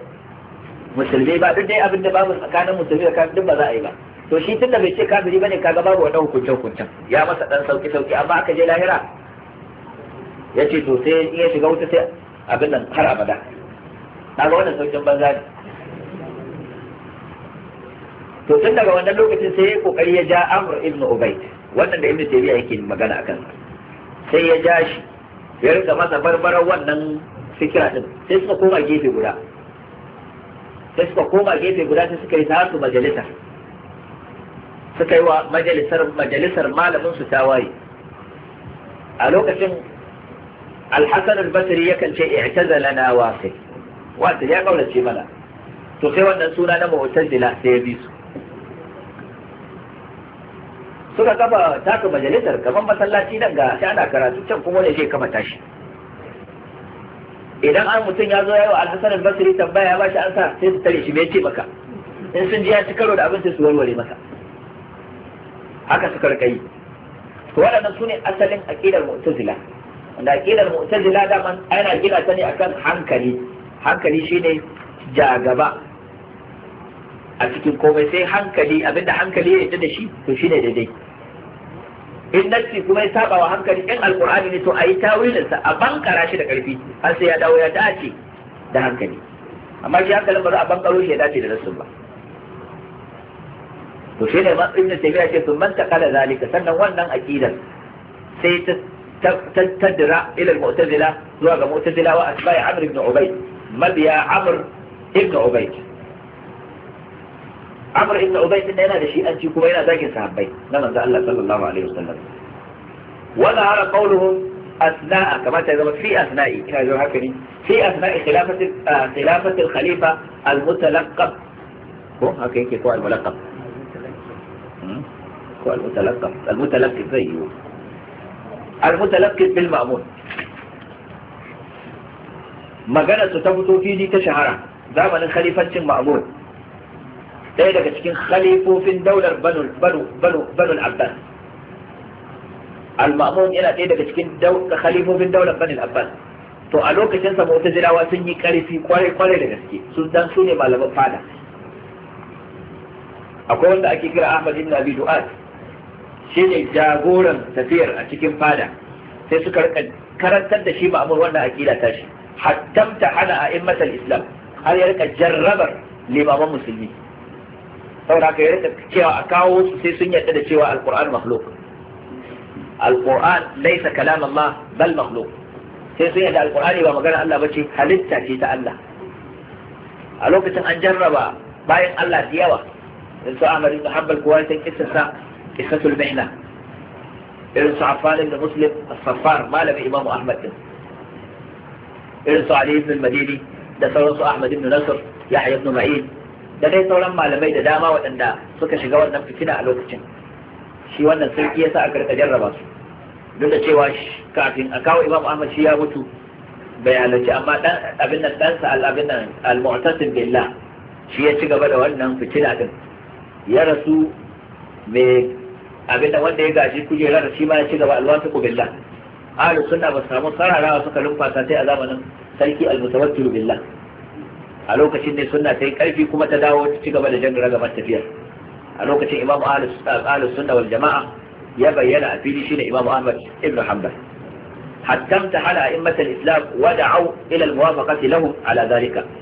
musulmi ba duk dai abin da babu tsakanin musulmi da kafin duk ba za a yi ba to shi tunda bai ce kafiri bane kaga babu wannan hukuncin hukuncin ya masa dan sauki sauki amma aka je lahira ya ce to sai in ya shiga wuta sai abin nan har abada kaga wannan saukin banza ne to tun daga wannan lokacin sai ya kokari ya ja Amr ibn Ubayd wannan da Ibn tabi'a yake magana akan sai ya ja shi ya rika masa barbarar wannan fikira din sai suka koma gefe guda sai suka koma gefe guda sai suka yi ta su majalisa suka yi wa majalisar majalisar malamin su tawaye a lokacin alhassan al-basri yakan ce i'tazalana wasi wasi ya ce mana to sai wannan suna na mu'tazila sai ya bi su suka kafa taka majalisar kamar masallaci nan ga sai ana karatu can kuma ne zai kama tashi idan an mutum ya zo yawa alhassan al-basri tambaya ya shi an sa sai su tare shi me ce maka in sun ji ya ci karo da abin sai su warware maka haka suka rika yi to waɗannan su ne asalin aƙidar mu'tazila wanda aƙidar mu'tazila man ana gina ta ne akan hankali hankali shine ja-gaba. a cikin komai sai hankali abinda hankali ya da shi to shine daidai in nafsi kuma ya saba wa hankali in alqur'ani ne to ayi tawilin sa a bankara shi da karfi har sai ya dawo ya dace da hankali amma shi hankalin ba za a bankaro shi ya dace da nassin ba to shi ne ibn taymiya ce sun manta kala zalika sannan wannan aqidar sai ta tadira ila mu'tazila zuwa ga mu'tazila wa asbai amr ibn ubayd mabiya amr ibn ubayd amr ibn ubayd din yana da shi an ci kuma yana zakin sahabbai na manzo Allah sallallahu alaihi wasallam wa zahara qawluhum أثناء كما تقول في أثناء في أثناء خلافة خلافة الخليفة المتلقب هو هكذا الملقب ko al bil ma'mun magana su ta fito fili ta shahara zamanin khalifancin ma'mun ɗaya daga cikin khalifofin daular banu abbas al-ma'mun yana ɗaya daga cikin khalifofin daular banu al-abbas to a lokacin wata mu'tazilawa sun yi ƙarfi kwarai kwarai da gaske sun dan su ne malaman fada akwai wanda ake kira Ahmad ibn Abi Shi ne jagoran tafiyar a cikin fada sai suka karantar da shi ma'amur wannan aƙida ta shi hattamta hana a immatal islam har ya rika jarrabar limaman musulmi saboda haka ya rika cewa a kawo su sai sun yarda da cewa alquran makhluk alquran laysa kalam Allah bal makhluk sai sun yarda alqurani ba magana Allah bace halitta ce ta Allah a lokacin an jarraba bayan Allah da yawa in su Ahmad ibn Hanbal kowa ya san kissarsa isatul mihna irin su Affan ibn Muslim as-Saffar Imam Ahmad din irin su Ali Madini da sauran su Ahmad ibn Nasr Yahya ibn Ma'in da dai sauran malamai da dama waɗanda suka shiga wannan fitina a lokacin shi wannan sarki yasa aka rika jarraba su da cewa kafin a kawo Imam Ahmad shi ya mutu bai halarci amma dan abin nan ɗansa al'abin nan al-mu'tasim billah shi ya ci gaba da wannan fitina din ya rasu mai abin wanda ya gaji kujerar shi ma ya ci gaba alwasu ku billah ahlus sunna ba su samu sararawa suka lumfasa sai a zamanin sarki Al-Musamman almutawakkil billah a lokacin ne sunna ta yi karfi kuma ta dawo ta ci gaba da jan ragamar tafiyar a lokacin imamu ahlus sunna wal jama'a ya bayyana a fili shine imamu ahmad ibn hanbal حتى امتحن أئمة الإسلام ودعوا إلى الموافقة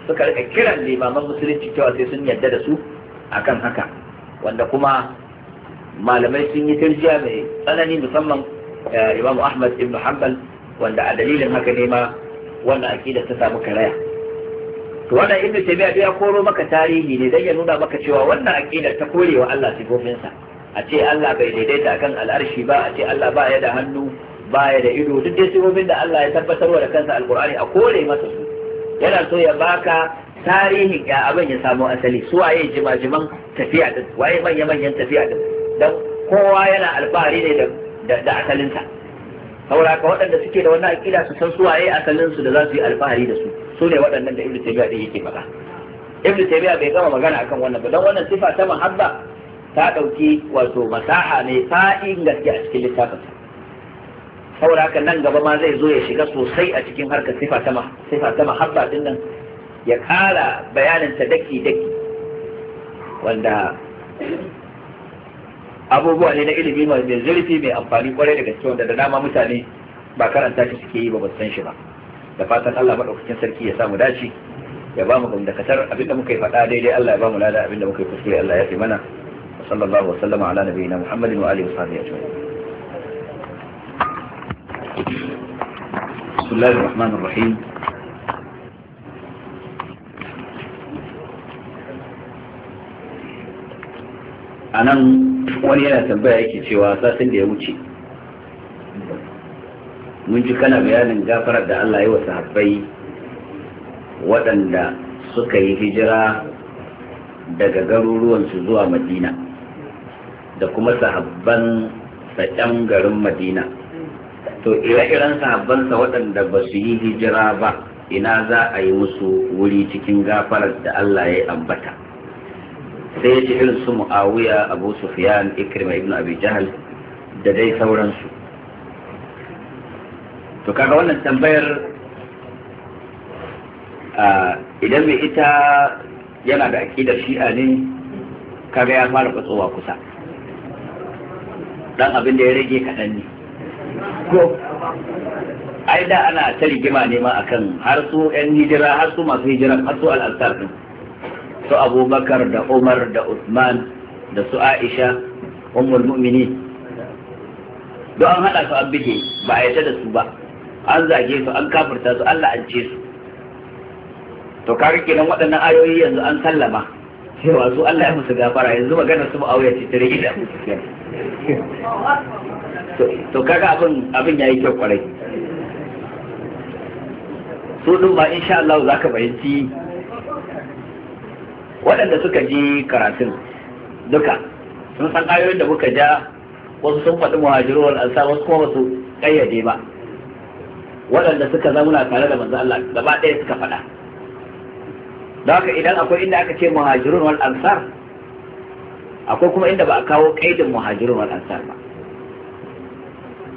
Suka rika kiran limaman كلا cewa sai sun سيسن da su akan haka, wanda kuma. malamai sun yi tarjiya mai tsanani musamman eh, imam ahmad ibn hanbal wanda a dalilin haka ne ma wannan aqida ta samu karaya to wannan ibn tabi'a ya koro maka tarihi ne dan ya nuna maka cewa wannan aqida ta korewa Allah sifofinsa a ce Allah bai daidaita akan al'arshi ba a ce Allah ba ya da hannu ba ya da ido duk dai sifofin da Allah ya tabbatarwa da kansa alqur'ani a kore masa su yana so ya baka tarihin ya abin ya samo asali su waye jimajiman tafiya din waye manya manyan tafiya din dan kowa yana alfahari ne da asalinsa saboda ka waɗanda suke da wannan aƙida su san suwaye asalinsu da za su yi alfahari da su su ne waɗannan da ibnu taymiya din yake faɗa ibnu taymiya bai gama magana akan wannan ba dan wannan sifa ta mahabba ta ɗauki wato masaha ne fa'in gaske a cikin littafin saboda haka nan gaba ma zai zo ya shiga sosai a cikin harkar sifa ta sifa ta mahabba din nan ya ƙara bayanin ta daki daki wanda abubuwa ne na ilimi mai zurfi mai amfani kwarai da gaske wanda da dama mutane ba karanta shi suke yi ba ba san shi ba da fatan Allah madaukakin sarki ya samu dace ya ba mu gumdakatar abinda muka yi faɗa daidai Allah ya ba mu lada abinda muka yi kuskure Allah ya fi mana wa sallama ala nabiyina Muhammadin wa alihi wa sahbihi ajma'in bismillahir rahmanir rahim a nan wani yana tambaya yake cewa sasin da ya wuce mun ji kana bayanin gafarar da Allah ya wa sahabbai waɗanda suka yi hijira daga garuruwansu zuwa madina da kuma sahabban saƙen garin madina to ire-iren sahabbansa waɗanda ba su yi hijira ba ina za a yi musu wuri cikin gafarar da Allah ya ambata. ambata sai ya ce irin su mu'awiya abu sufyan ikrima ibn abi jahal da dai sauransu to kaga wannan tambayar idan mai ita yana da aƙidar shi'a ne kaga ya fara batsowa kusa dan abin da ya rage kaɗan ne ko ai da ana ta rigima ne ma akan har su 'yan hijira har su masu hijira har su al'ansar din su abubakar da umar da usman da su aisha ummul mu'mini don an haɗa su an bige ba a yadda da su ba an zage su an kafirta su allah an ce su to kare kenan waɗannan ayoyi yanzu an sallama cewa su allah ya musu gafara yanzu magana su ma'auya ce ta gida. to kaga abin abin yayi kyau kwarai su ɗin ba insha Allah za ka bayyanci waɗanda suka ji karatun duka sun san ayoyin da kuka ja wasu sun faɗi muhajiru wal ansar wasu kuma wasu ƙayyade ba waɗanda suka zauna tare da manzo Allah gaba ɗaya suka faɗa don haka idan akwai inda aka ce muhajirun wal ansar akwai kuma inda ba a kawo ƙaidin muhajirun wal ansar ba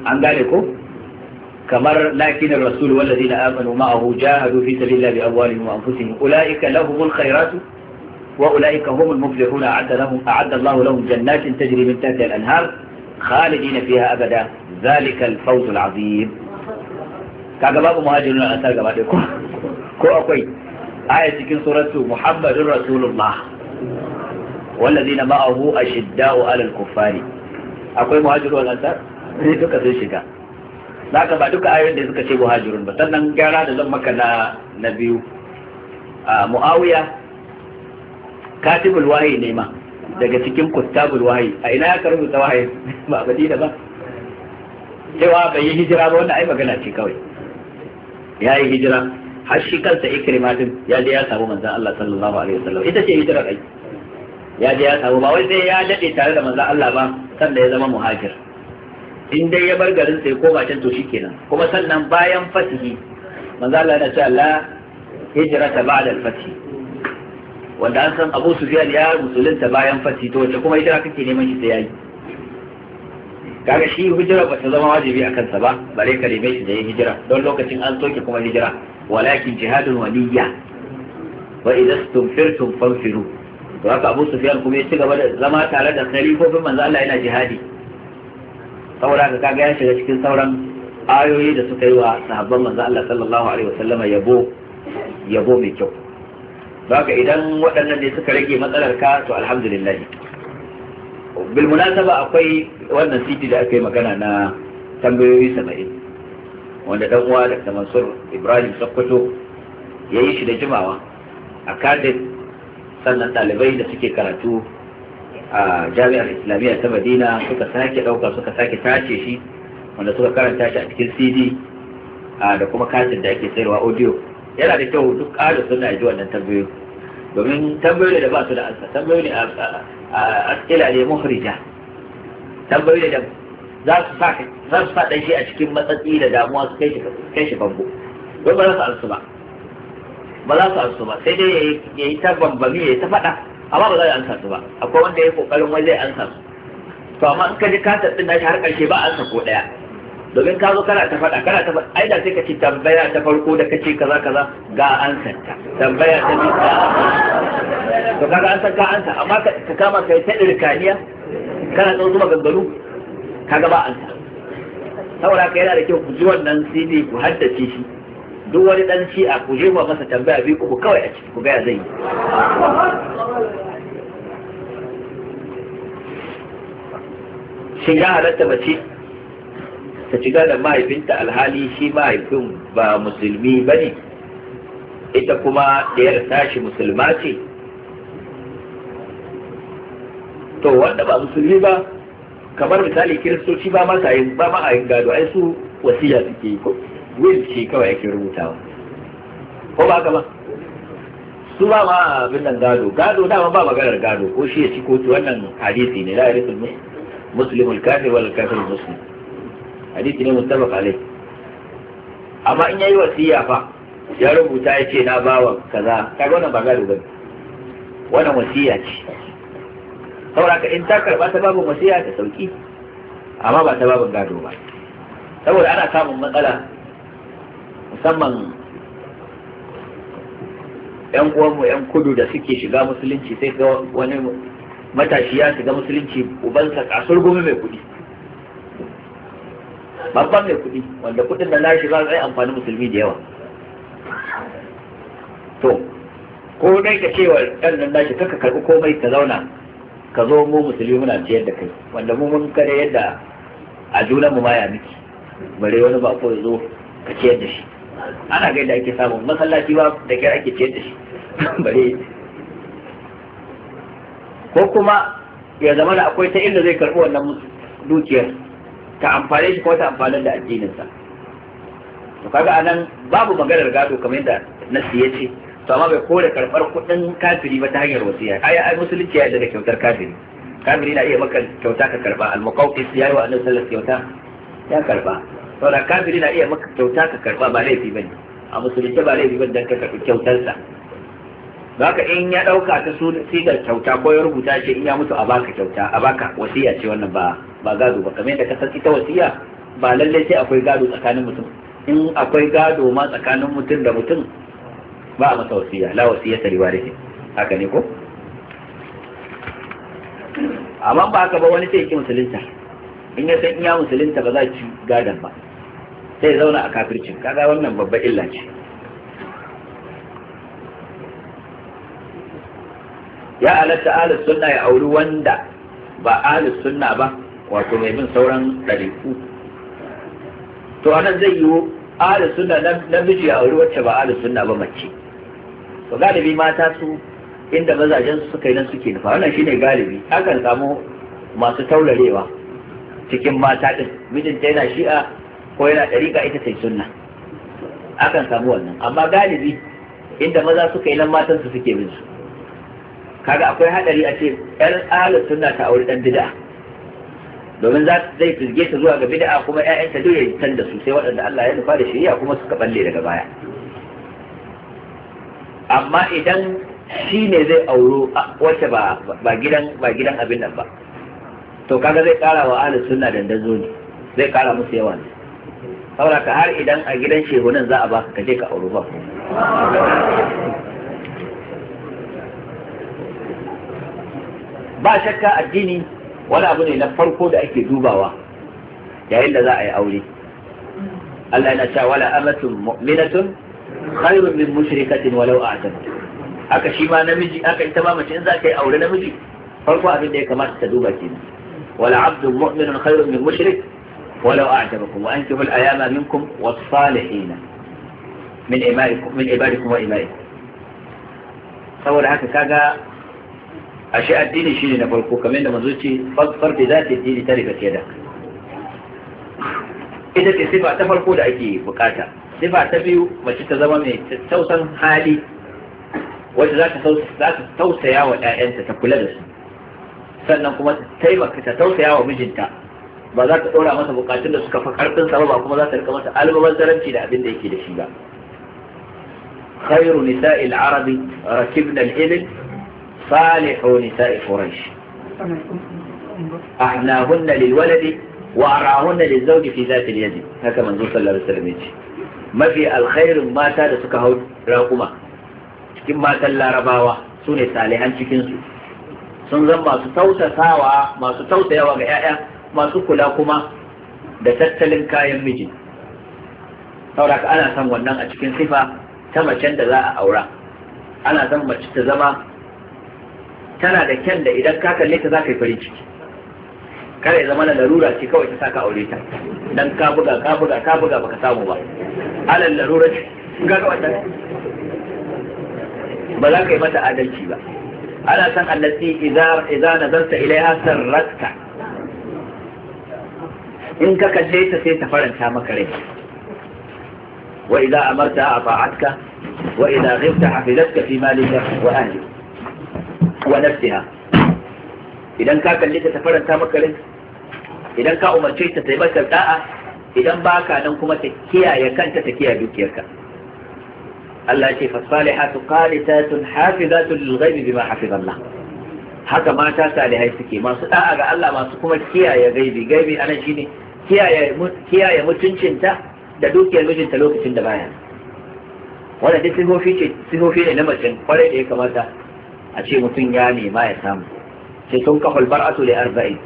an gane ko kamar lakin rasul wallazina amanu ma'ahu jahadu fi sabilillahi bi amwalihim wa anfusihim ulaika lahumul khairatu وأولئك هم المفلحون أعد, لهم أعد الله لهم جنات تجري من تحتها الأنهار خالدين فيها أبدا ذلك الفوز العظيم kaga babu muhajirun a asar gaba ɗaya ko ko akwai aya cikin suratu muhammadun rasulullah wallazina ma'ahu ashidda'u 'alal kuffari akwai eh, duka sun shiga zaka ba duka ayoyin da suka ce muhajirun ba sannan gyara da zan maka na na biyu a ah, muawiya katibul wahayi ne ma daga cikin kustabul wahayi a ina ya ta wahayi ba a da ba cewa bai yi hijira ba wanda ai magana ce kawai ya yi hijira har shi kansa ikrima din ya je ya samu manzon Allah sallallahu alaihi wasallam ita ce hijirar kai ya je ya samu ba wai sai ya dade tare da manzon Allah ba sanda ya zama muhajir in dai ya bar garin sai koma can to shikenan kuma sannan bayan fatihi manzon Allah yana Allah hijira hijrata ba'da al fatih wanda an san abu su ya musulunta bayan fasi to wacce kuma hijira kake neman shi sai yayi kaga shi hijira ba ta zama wajibi a kansa ba bare ka neme shi da yin hijira don lokacin an soke kuma hijira walakin jihadun waliyya wa idza stumfirtum fanfiru to haka abu biya kuma ya ci gaba da zama tare da khalifofin manzo Allah yana jihadi saboda ka kaga ya shiga cikin sauran ayoyi da suka yi wa sahabban manzo Allah sallallahu alaihi wasallama yabo yabo mai kyau baka idan waɗannan ne suka rage matsalar ka to alhamdulillah bil munasaba akwai wannan siti da aka yi magana na tambayoyi saba'in wanda dan uwa da mansur ibrahim Sokoto ya yi shi da jimawa a kadin sannan ɗalibai da suke karatu a jami'ar islamiyya ta madina suka sake ɗauka suka sake tace shi wanda suka karanta shi a cikin cd da kuma katin da ake sayarwa audio yana da kyau duk ƙara suna ji wannan tambayoyi domin tambayoyi da ba su da ansa tambayoyi a askila ne muhrija tambayoyi da za su sa za su shi a cikin matsatsi da damuwa su kai shi bango don ba za su ansu ba ba za su ansu ba sai dai ya yi ta bambami ya yi ta faɗa amma ba za ya ansa su ba akwai wanda ya yi ƙoƙarin wani zai ansa su to amma in ka ji ka tattun shi har ƙarshe ba ansa ko ɗaya domin ka zo kana ta faɗa kana ta faɗa ai da sai ka ci tambaya ta farko da kace kaza kaza ga an santa tambaya ta biyu ta to kaga an san ka an san amma ka kama kai ta irkaniya kana zo zuwa gangaru kaga ba an san saboda ka yana da kyau ku ji wannan CD ku haddace shi duk wani dan ci a ku jefa masa tambaya biyu ku kawai a ciki ku ga ya zai yi shin ya halatta mace ta ci gadon mahaifinta alhali shi mahaifin ba musulmi ba ne ita kuma ɗayar tashi musulma ce to wanda ba musulmi ba kamar misali kiristoci ba ma ba ma ayin gado ai su wasiya suke yi ko will ce kawai yake rubutawa ko ba ba su ba ma abin nan gado gado dama ba maganar gado ko shi ya ci kotu wannan hadisi ne la yarithul muslimul kafir wal kafir muslim hadisi ne mutabaka ne amma in yayi wasiya fa ya rubuta ya ce na bawa kaza kaga wannan ba gado bane wannan wasiya ce saboda ka in ta karba ta babu wasiya ta sauki amma ba ta babin gado ba saboda ana samun matsala musamman yan uwanmu yan kudu da suke shiga musulunci sai ga wani matashi ya shiga musulunci ubansa kasar gumi mai kudi babban mai kuɗi wanda kuɗin da nashi ba zai amfani musulmi da yawa to ko dai ka cewa ɗan nan nashi kaka karɓi komai ka zauna ka zo mu musulmi muna ciyar da kai wanda mu mun kare yadda a junanmu ma ya miki bare wani ba ko ya zo ka ciyar da shi ana ga yadda ake samun masallaci ba da kira ake ciyar da shi bare ko kuma ya zama da akwai ta inda zai karɓi wannan dukiyar ta amfane shi ko ta amfane da addininsa to kaga anan babu maganar gado kamar yadda nasi ya ce to amma bai kore karɓar kuɗin kafiri ba ta hanyar wasiya ai ai musulunci ya da kyautar kafiri kafiri na iya maka kyauta ka karba al-muqawqis yi wa annabi sallallahu kyauta ya karba da kafiri na iya maka kyauta ka karba ba laifi bane a musulunci ba laifi bane dan ka kyautar kyautarsa baka in ya ɗauka ta sigar kyauta ko ya rubuta ce in ya mutu a baka kyauta a baka wasiya ce wannan ba ba gado ba kamar yadda ka san ita wasiya ba lallai sai akwai gado tsakanin mutum in akwai gado ma tsakanin mutum da mutum ba a masa wasiya la wasiya ta riwari ne haka ne ko amma ba haka ba wani sai ki musulunta in ya san iya musulunta ba za ci gadon ba sai zauna a kafircin kaga wannan babba illa ce ya alatta ahlus sunna ya auri wanda ba ahlus sunna ba wato mai bin sauran ɗariku to anan zai yiwu ahalin sunna miji a wuri wacce ba ahalin sunna ba mace to galibi mata su inda mazajen su suka yi nan suke nufa wannan shine galibi akan samu masu taularewa cikin mata din mijinta yana shi'a ko yana ɗariƙa ita sai sunna akan samu wannan amma galibi inda maza suka yi nan matan su suke bin su kaga akwai hadari a ce yar ahalin sunna ta auri dan bid'a domin zai fizge ta zuwa ga bid'a kuma ta duk ya tanda da su sai waɗanda Allah ya nufa da shari'a kuma suka balle daga baya amma idan shi ne zai auro wacce ba ba gidan ba gidan abin nan ba to kaga zai kara wa ahlus sunna zo ne zai kara musu yawa ne saboda ka har idan a gidan shehu nan za a baka ka je ka auro ba ba shakka addini wani abu ne na farko da ake dubawa yayin da za a yi aure Allah yana cewa wala amatun mu'minatun khairun min mushrikatin walau a'jabat haka shi ma namiji haka ita ma mace in za ka yi aure namiji farko abin da ya kamata ta duba kenan wala abdun mu'minun khairun min mushrik walau a'jabakum wa ankihul ayama minkum was-salihin min imaikum min ibadikum wa imaikum saboda haka kaga ashe addini shine na farko kamar da manzo ce fasfar da zati dini ta riga kedan ita ce sifa ta farko da ake bukata sifa ta biyu mace ta zama mai tausan hali wacce za ta tausaya wa 'ya'yanta ta kula da su sannan kuma ta taimaka ta tausaya wa mijinta ba za ta ɗora masa bukatun da suka fi karfin sa ba kuma za ta rika masa albaban albabanzaranci da abin da yake da shi ba khairu nisa'il arabi rakibna al-ibil salihu nisa'i quraish ahnahunna lil waladi wa arahunna lil zawji fi zati al yadi haka manzo sallallahu alaihi wasallam yace mafi alkhairin mata da suka hau raƙuma cikin matan larabawa su ne salihan cikinsu sun zan masu tausasawa masu ga 'ya'ya masu kula kuma da tattalin kayan miji sauraka ana son wannan a cikin sifa ta macen da za a aura ana son mace ta zama tana da kyan da idan ka kalle ta za ka yi farin ciki kada ya zama na larura ce kawai ta saka aure ta dan ka buga ka buga ka buga baka samu ba alal larura ce ga ga wannan ba za ka yi mata adalci ba ana san allati idza idza nazarta ilaiha sarratka in ka kalle ta sai ta faranta maka rai wa idza amarta afa'atka wa idza ghibta hafizatka fi malika wa ahlika wa nafsiha idan ka kalli ta faranta maka rai idan ka umarce ta ta maka da'a idan baka nan kuma ta kiyaye kanta ta kiyaye dukiyarka Allah ce salihatu qanitatun hafizatun lil ghaibi bima hafiz Allah haka mata salihai suke masu da'a ga Allah masu kuma kiyaye gaibi gaibi anan shine kiyaye kiyaye mutuncinta da dukiyar mijinta lokacin da baya wannan duk sihofi ce sihofi ne na mace kwarai da ya kamata a ce mutum ya nema ya samu sai sun kafa albar'atu li arba'in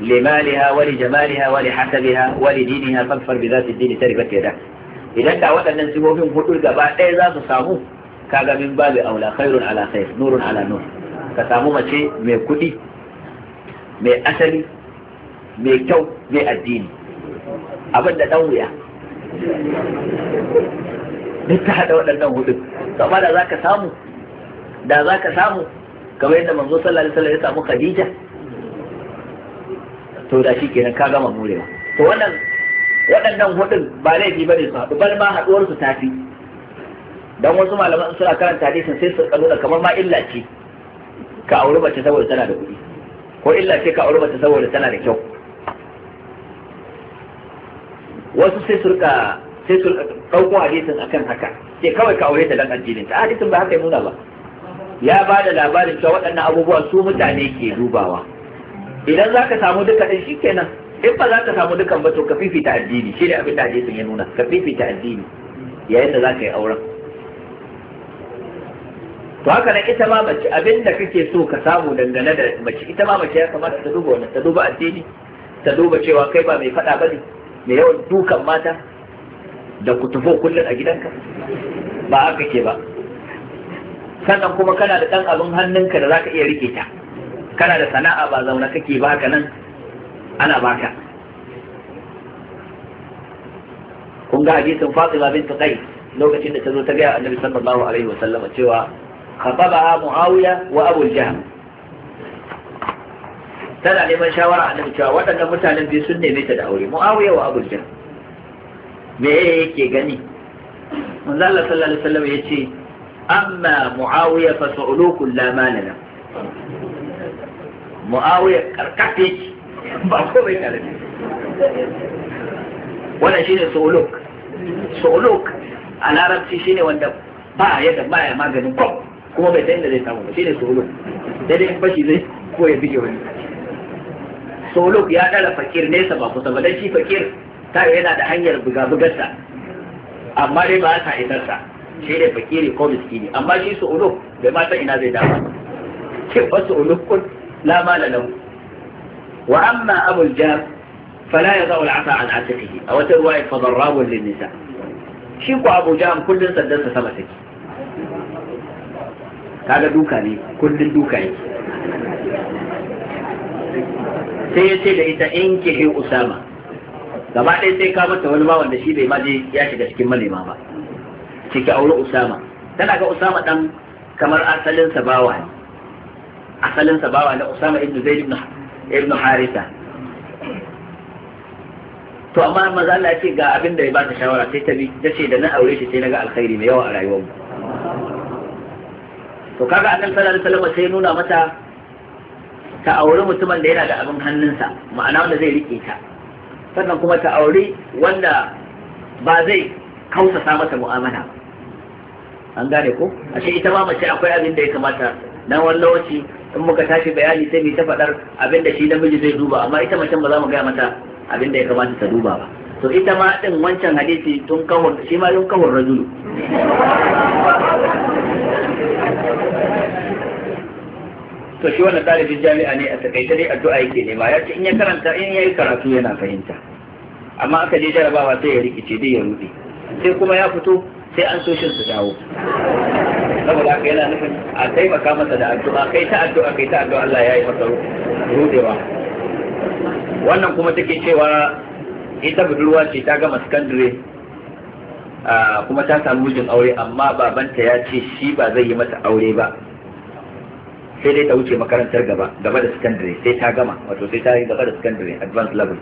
limaliha wa li jamaliha wa li hasabiha wa li diniha fadfar bi zati dini taribat yada idan da waɗannan sifofin hudu gaba ɗaya za su samu kaga min babu aula khairun ala khair nurun ala nur ka samu mace mai kuɗi mai asali mai kyau mai addini abin da ɗan wuya duk ta haɗa waɗannan hudu kamar da za ka samu da za ka samu kamar yadda manzo sallallahu alaihi wasallam ya samu khadija to da shi kenan ka gama murewa to wannan waɗannan hudun ba laifi ba ne su haɗu ma haɗuwar su tafi dan wasu malaman suna karanta hadisin sai su da kamar ma illa ce ka auri mace saboda tana da kuɗi ko illa ce ka auri mace saboda tana da kyau wasu sai su rika sai su ɗauko hadisin akan haka sai kawai ka aure ta dan addinin ta hadisin ba haka ya nuna ba ya ba da labarin cewa waɗannan abubuwa su mutane ke dubawa idan za ka samu duka ɗin kenan, in ba za ka samu dukan ba to ka fifita addini shi ne abin da sun ya nuna ka fifita addini yayin da za ka yi auren to haka nan ita ma mace abin da kake so ka samu dangane da mace ita ma mace ya kamata ta duba wannan ta duba addini ta duba cewa kai ba mai faɗa ba ne mai yawan dukan mata da kutufo kullum a gidanka ba haka ke ba sannan kuma kana da ɗan abin hannunka da za ka iya rike ta kana da sana'a ba zauna kake baka nan ana baka kun ga hadisin Fatima bint Qais lokacin da ta zo ta ga Annabi sallallahu alaihi wa sallama cewa khatabaha Muawiya wa Abu Jahl tana neman shawara annabi cewa waɗannan mutanen biyu sun neme ta da aure Muawiya wa Abu Jahl me yake gani manzo Allah sallallahu alaihi sallam yace amma muawiya fa su'ulukun la malana muawiya ba ko bai tare wannan shine su'uluk su'uluk a larabci shine wanda ba ya da baya maganin kuma bai san inda zai samu shine su'uluk daidai in fashi zai ko ya bige wani solok ya ɗara fakir nesa ba kusa ba dan shi fakir ta yana da hanyar buga-bugarsa amma dai ba ta isarsa shi ne fakiri ko miskini amma shi su uluf bai ma san ina zai dama ke fa su uluf kun la mala lahu wa amma abul jam fala yadau al'asa an atiqihi a wata ruwaya fa darrabun lin nisa shi ko abu jam kullun saddarsa sama take kaga duka ne kullun duka ne. sai ya ce da ita in kihi usama gaba ɗaya sai ka mata wani ma wanda shi bai ma je ya shiga cikin malema ba ce ki aure Usama tana ga Usama dan kamar asalin sa bawa ne asalin sa bawa ne, Usama ibn Zaid ibn ibn Haritha to amma maza Allah yake ce ga abin da ya ba ta shawara sai ta bi da ce da na aure shi sai na ga alkhairi mai yawa a rayuwar mu to kaga annabi sallallahu alaihi wasallam sai nuna mata ta auri mutumin da yana da abin hannunsa ma'ana wanda zai rike ta sannan kuma ta auri wanda ba zai kausasa mata mu'amala ba an gane ko ashe ita ma mace akwai abin da ya kamata na wani lokaci in muka tashi bayani sai mu ta faɗar abin da shi namiji zai duba amma ita mace ba za mu gaya mata abin da ya kamata ta duba ba to ita ma din wancan hadisi tun kawar shi ma yun kawar rajulu to shi wannan dalibin jami'a ne a takaice dai addu'a yake nema ya ce in ya karanta in yayi karatu yana fahimta amma aka je jarabawa sai ya rikice dai ya rude sai kuma ya fito sai an so shin su dawo saboda haka yana nufin a taimaka masa da addu'a kai ta addu'a kai ta addu'a Allah ya yi masa rudewa wannan kuma take cewa ita budurwa ce ta gama sakandare kuma ta samu mijin aure amma babanta ya ce shi ba zai yi mata aure ba sai dai ta wuce makarantar gaba gaba da sakandare sai ta gama wato sai ta yi gaba da sakandare advanced level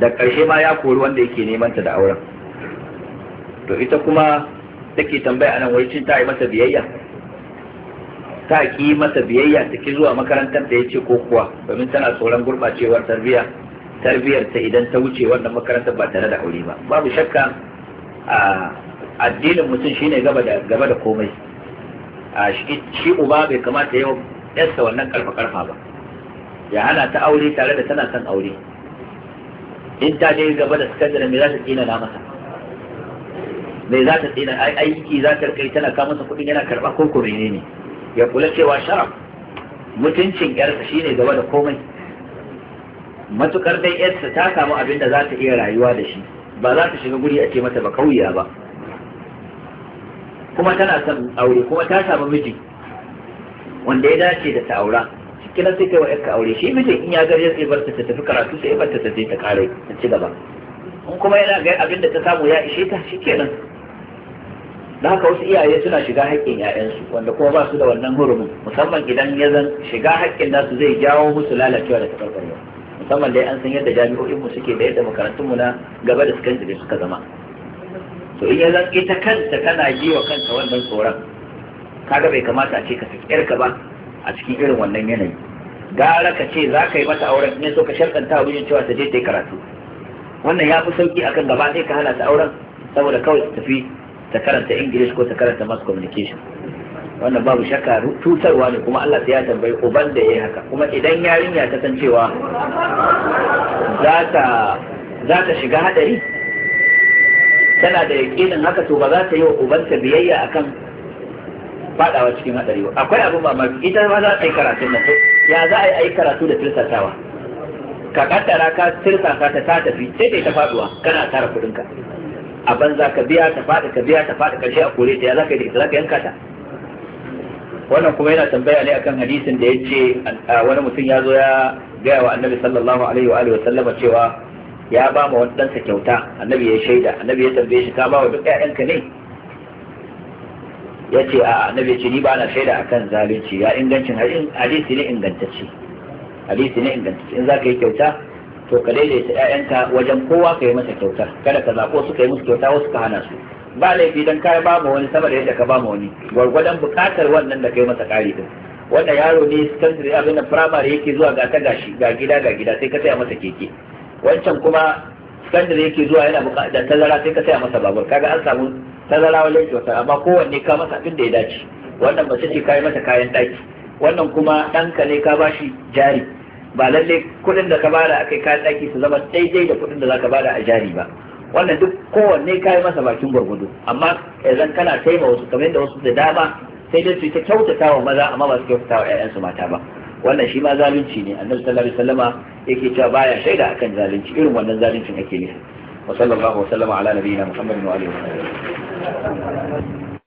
da ƙarshe ma ya kori wanda yake neman ta da auren to ita kuma take tambaya anan wai cin ta yi masa biyayya ta ki masa biyayya take zuwa makarantar da yace ko kuwa domin tana tsoron gurbacewar tarbiyya tarbiyar ta idan ta wuce wannan makarantar ba tare da aure ba babu shakka a addinin mutum shine gaba da gaba da komai a shi uba bai kamata yau yasa wannan karfa karfa ba ya hana ta aure tare da tana son aure in ta je gaba da sakandare me za ta tsina na masa mai za ta tsina aiki za ta kai tana kawo masa kuɗin yana karɓa ko ko ne ya kula cewa sharaf mutuncin yarsa shine gaba da komai matukar dai yarsa ta samu abin da za ta iya rayuwa da shi ba za ta shiga guri a ce mata ba kauya ba kuma tana son aure kuma ta samu miji wanda ya dace da ta aura cikin sai kai wa yarka aure shi miji in ya gari sai barta ta tafi karatu sai barta ta je ta kare ta ci gaba in kuma yana ga abin da ta samu ya ishe ta shikenan da haka wasu iyaye suna shiga haƙƙin 'ya'yansu, wanda kuma ba su da wannan hurumin musamman idan ya zan shiga haƙƙin nasu zai jawo musu lalacewa da tafarkarwa musamman dai an san yadda jami'o'inmu suke da yadda makarantunmu mu na gaba da sakandare suka zama to in ya zan ita kanta kana ji wa kanta wannan tsoron kaga bai kamata a ce ka saki ka ba a cikin irin wannan yanayi gara ka ce za ka yi mata auren in so ka sharkanta a wajen cewa ta je ta yi karatu wannan ya fi sauki akan gaba ɗaya ka hana ta auren saboda kawai ta tafi ta karanta English ko ta karanta mass communication wannan babu shakka tutarwa ne kuma Allah ya tambayi uban da yayi haka kuma idan yarinya ta san cewa za ta za ta shiga hadari tana da yakinin haka to ba za ta yi wa ubanta biyayya akan fadawa cikin hadari ba akwai ba mai ita ma za ta yi karatu na to ya za a yi karatu da tirsatawa ka kaddara ka tirsasa ta ta tafi sai dai ta faduwa kana tara ka a banza ka biya ta faɗi ka biya ta faɗi karshe a kore ta ya zaka yi zaka yanka ta wannan kuma yana tambaya ne akan hadisin da yace wani mutum ya zo ya gaya wa annabi sallallahu alaihi wa alihi wa sallama cewa ya ba ma wani ɗansa kyauta annabi ya shaida annabi ya tambaye shi ka ba wa duk ƴaƴanka ne ya ce a annabi ce ni ba na shaida akan zalunci ya ingancin hadisi ne ingantacce hadisi ne ingantacce in za ka yi kyauta to ka daidaita ƴaƴanka wajen kowa ka yi masa kyauta kada ka zako suka yi musu kyauta wasu ka hana su ba laifi dan ka ba ma wani sama da yadda ka ba ma wani gwargwadon buƙatar wannan da ka yi masa ƙari din wanda yaro ne secondary abin da primary yake zuwa ga ta gashi ga gida ga gida sai ka saya masa keke wancan kuma secondary yake zuwa yana da tazara sai ka saya masa babur kaga an samu tazara wajen kyauta amma kowanne ka masa abin da ya dace wannan mace ce ka yi masa kayan ɗaki wannan kuma ɗanka ne ka bashi jari ba lalle kuɗin da ka bada akai kayan ɗaki su zama daidai da kuɗin da za ka bada a jari ba wannan duk kowanne ka yi masa bakin gwargwado amma idan kana taima wasu kamar yadda wasu da dama sai dai su ta kyautata wa maza amma ba su kyautata wa 'ya'yansu mata ba wannan shi ma zalunci ne annabi sallallahu alaihi wasallama yake cewa baya shaida akan zalunci irin wannan zaluncin ake nufi wa sallallahu wa sallama ala nabiyina muhammadin wa alihi wa sahbihi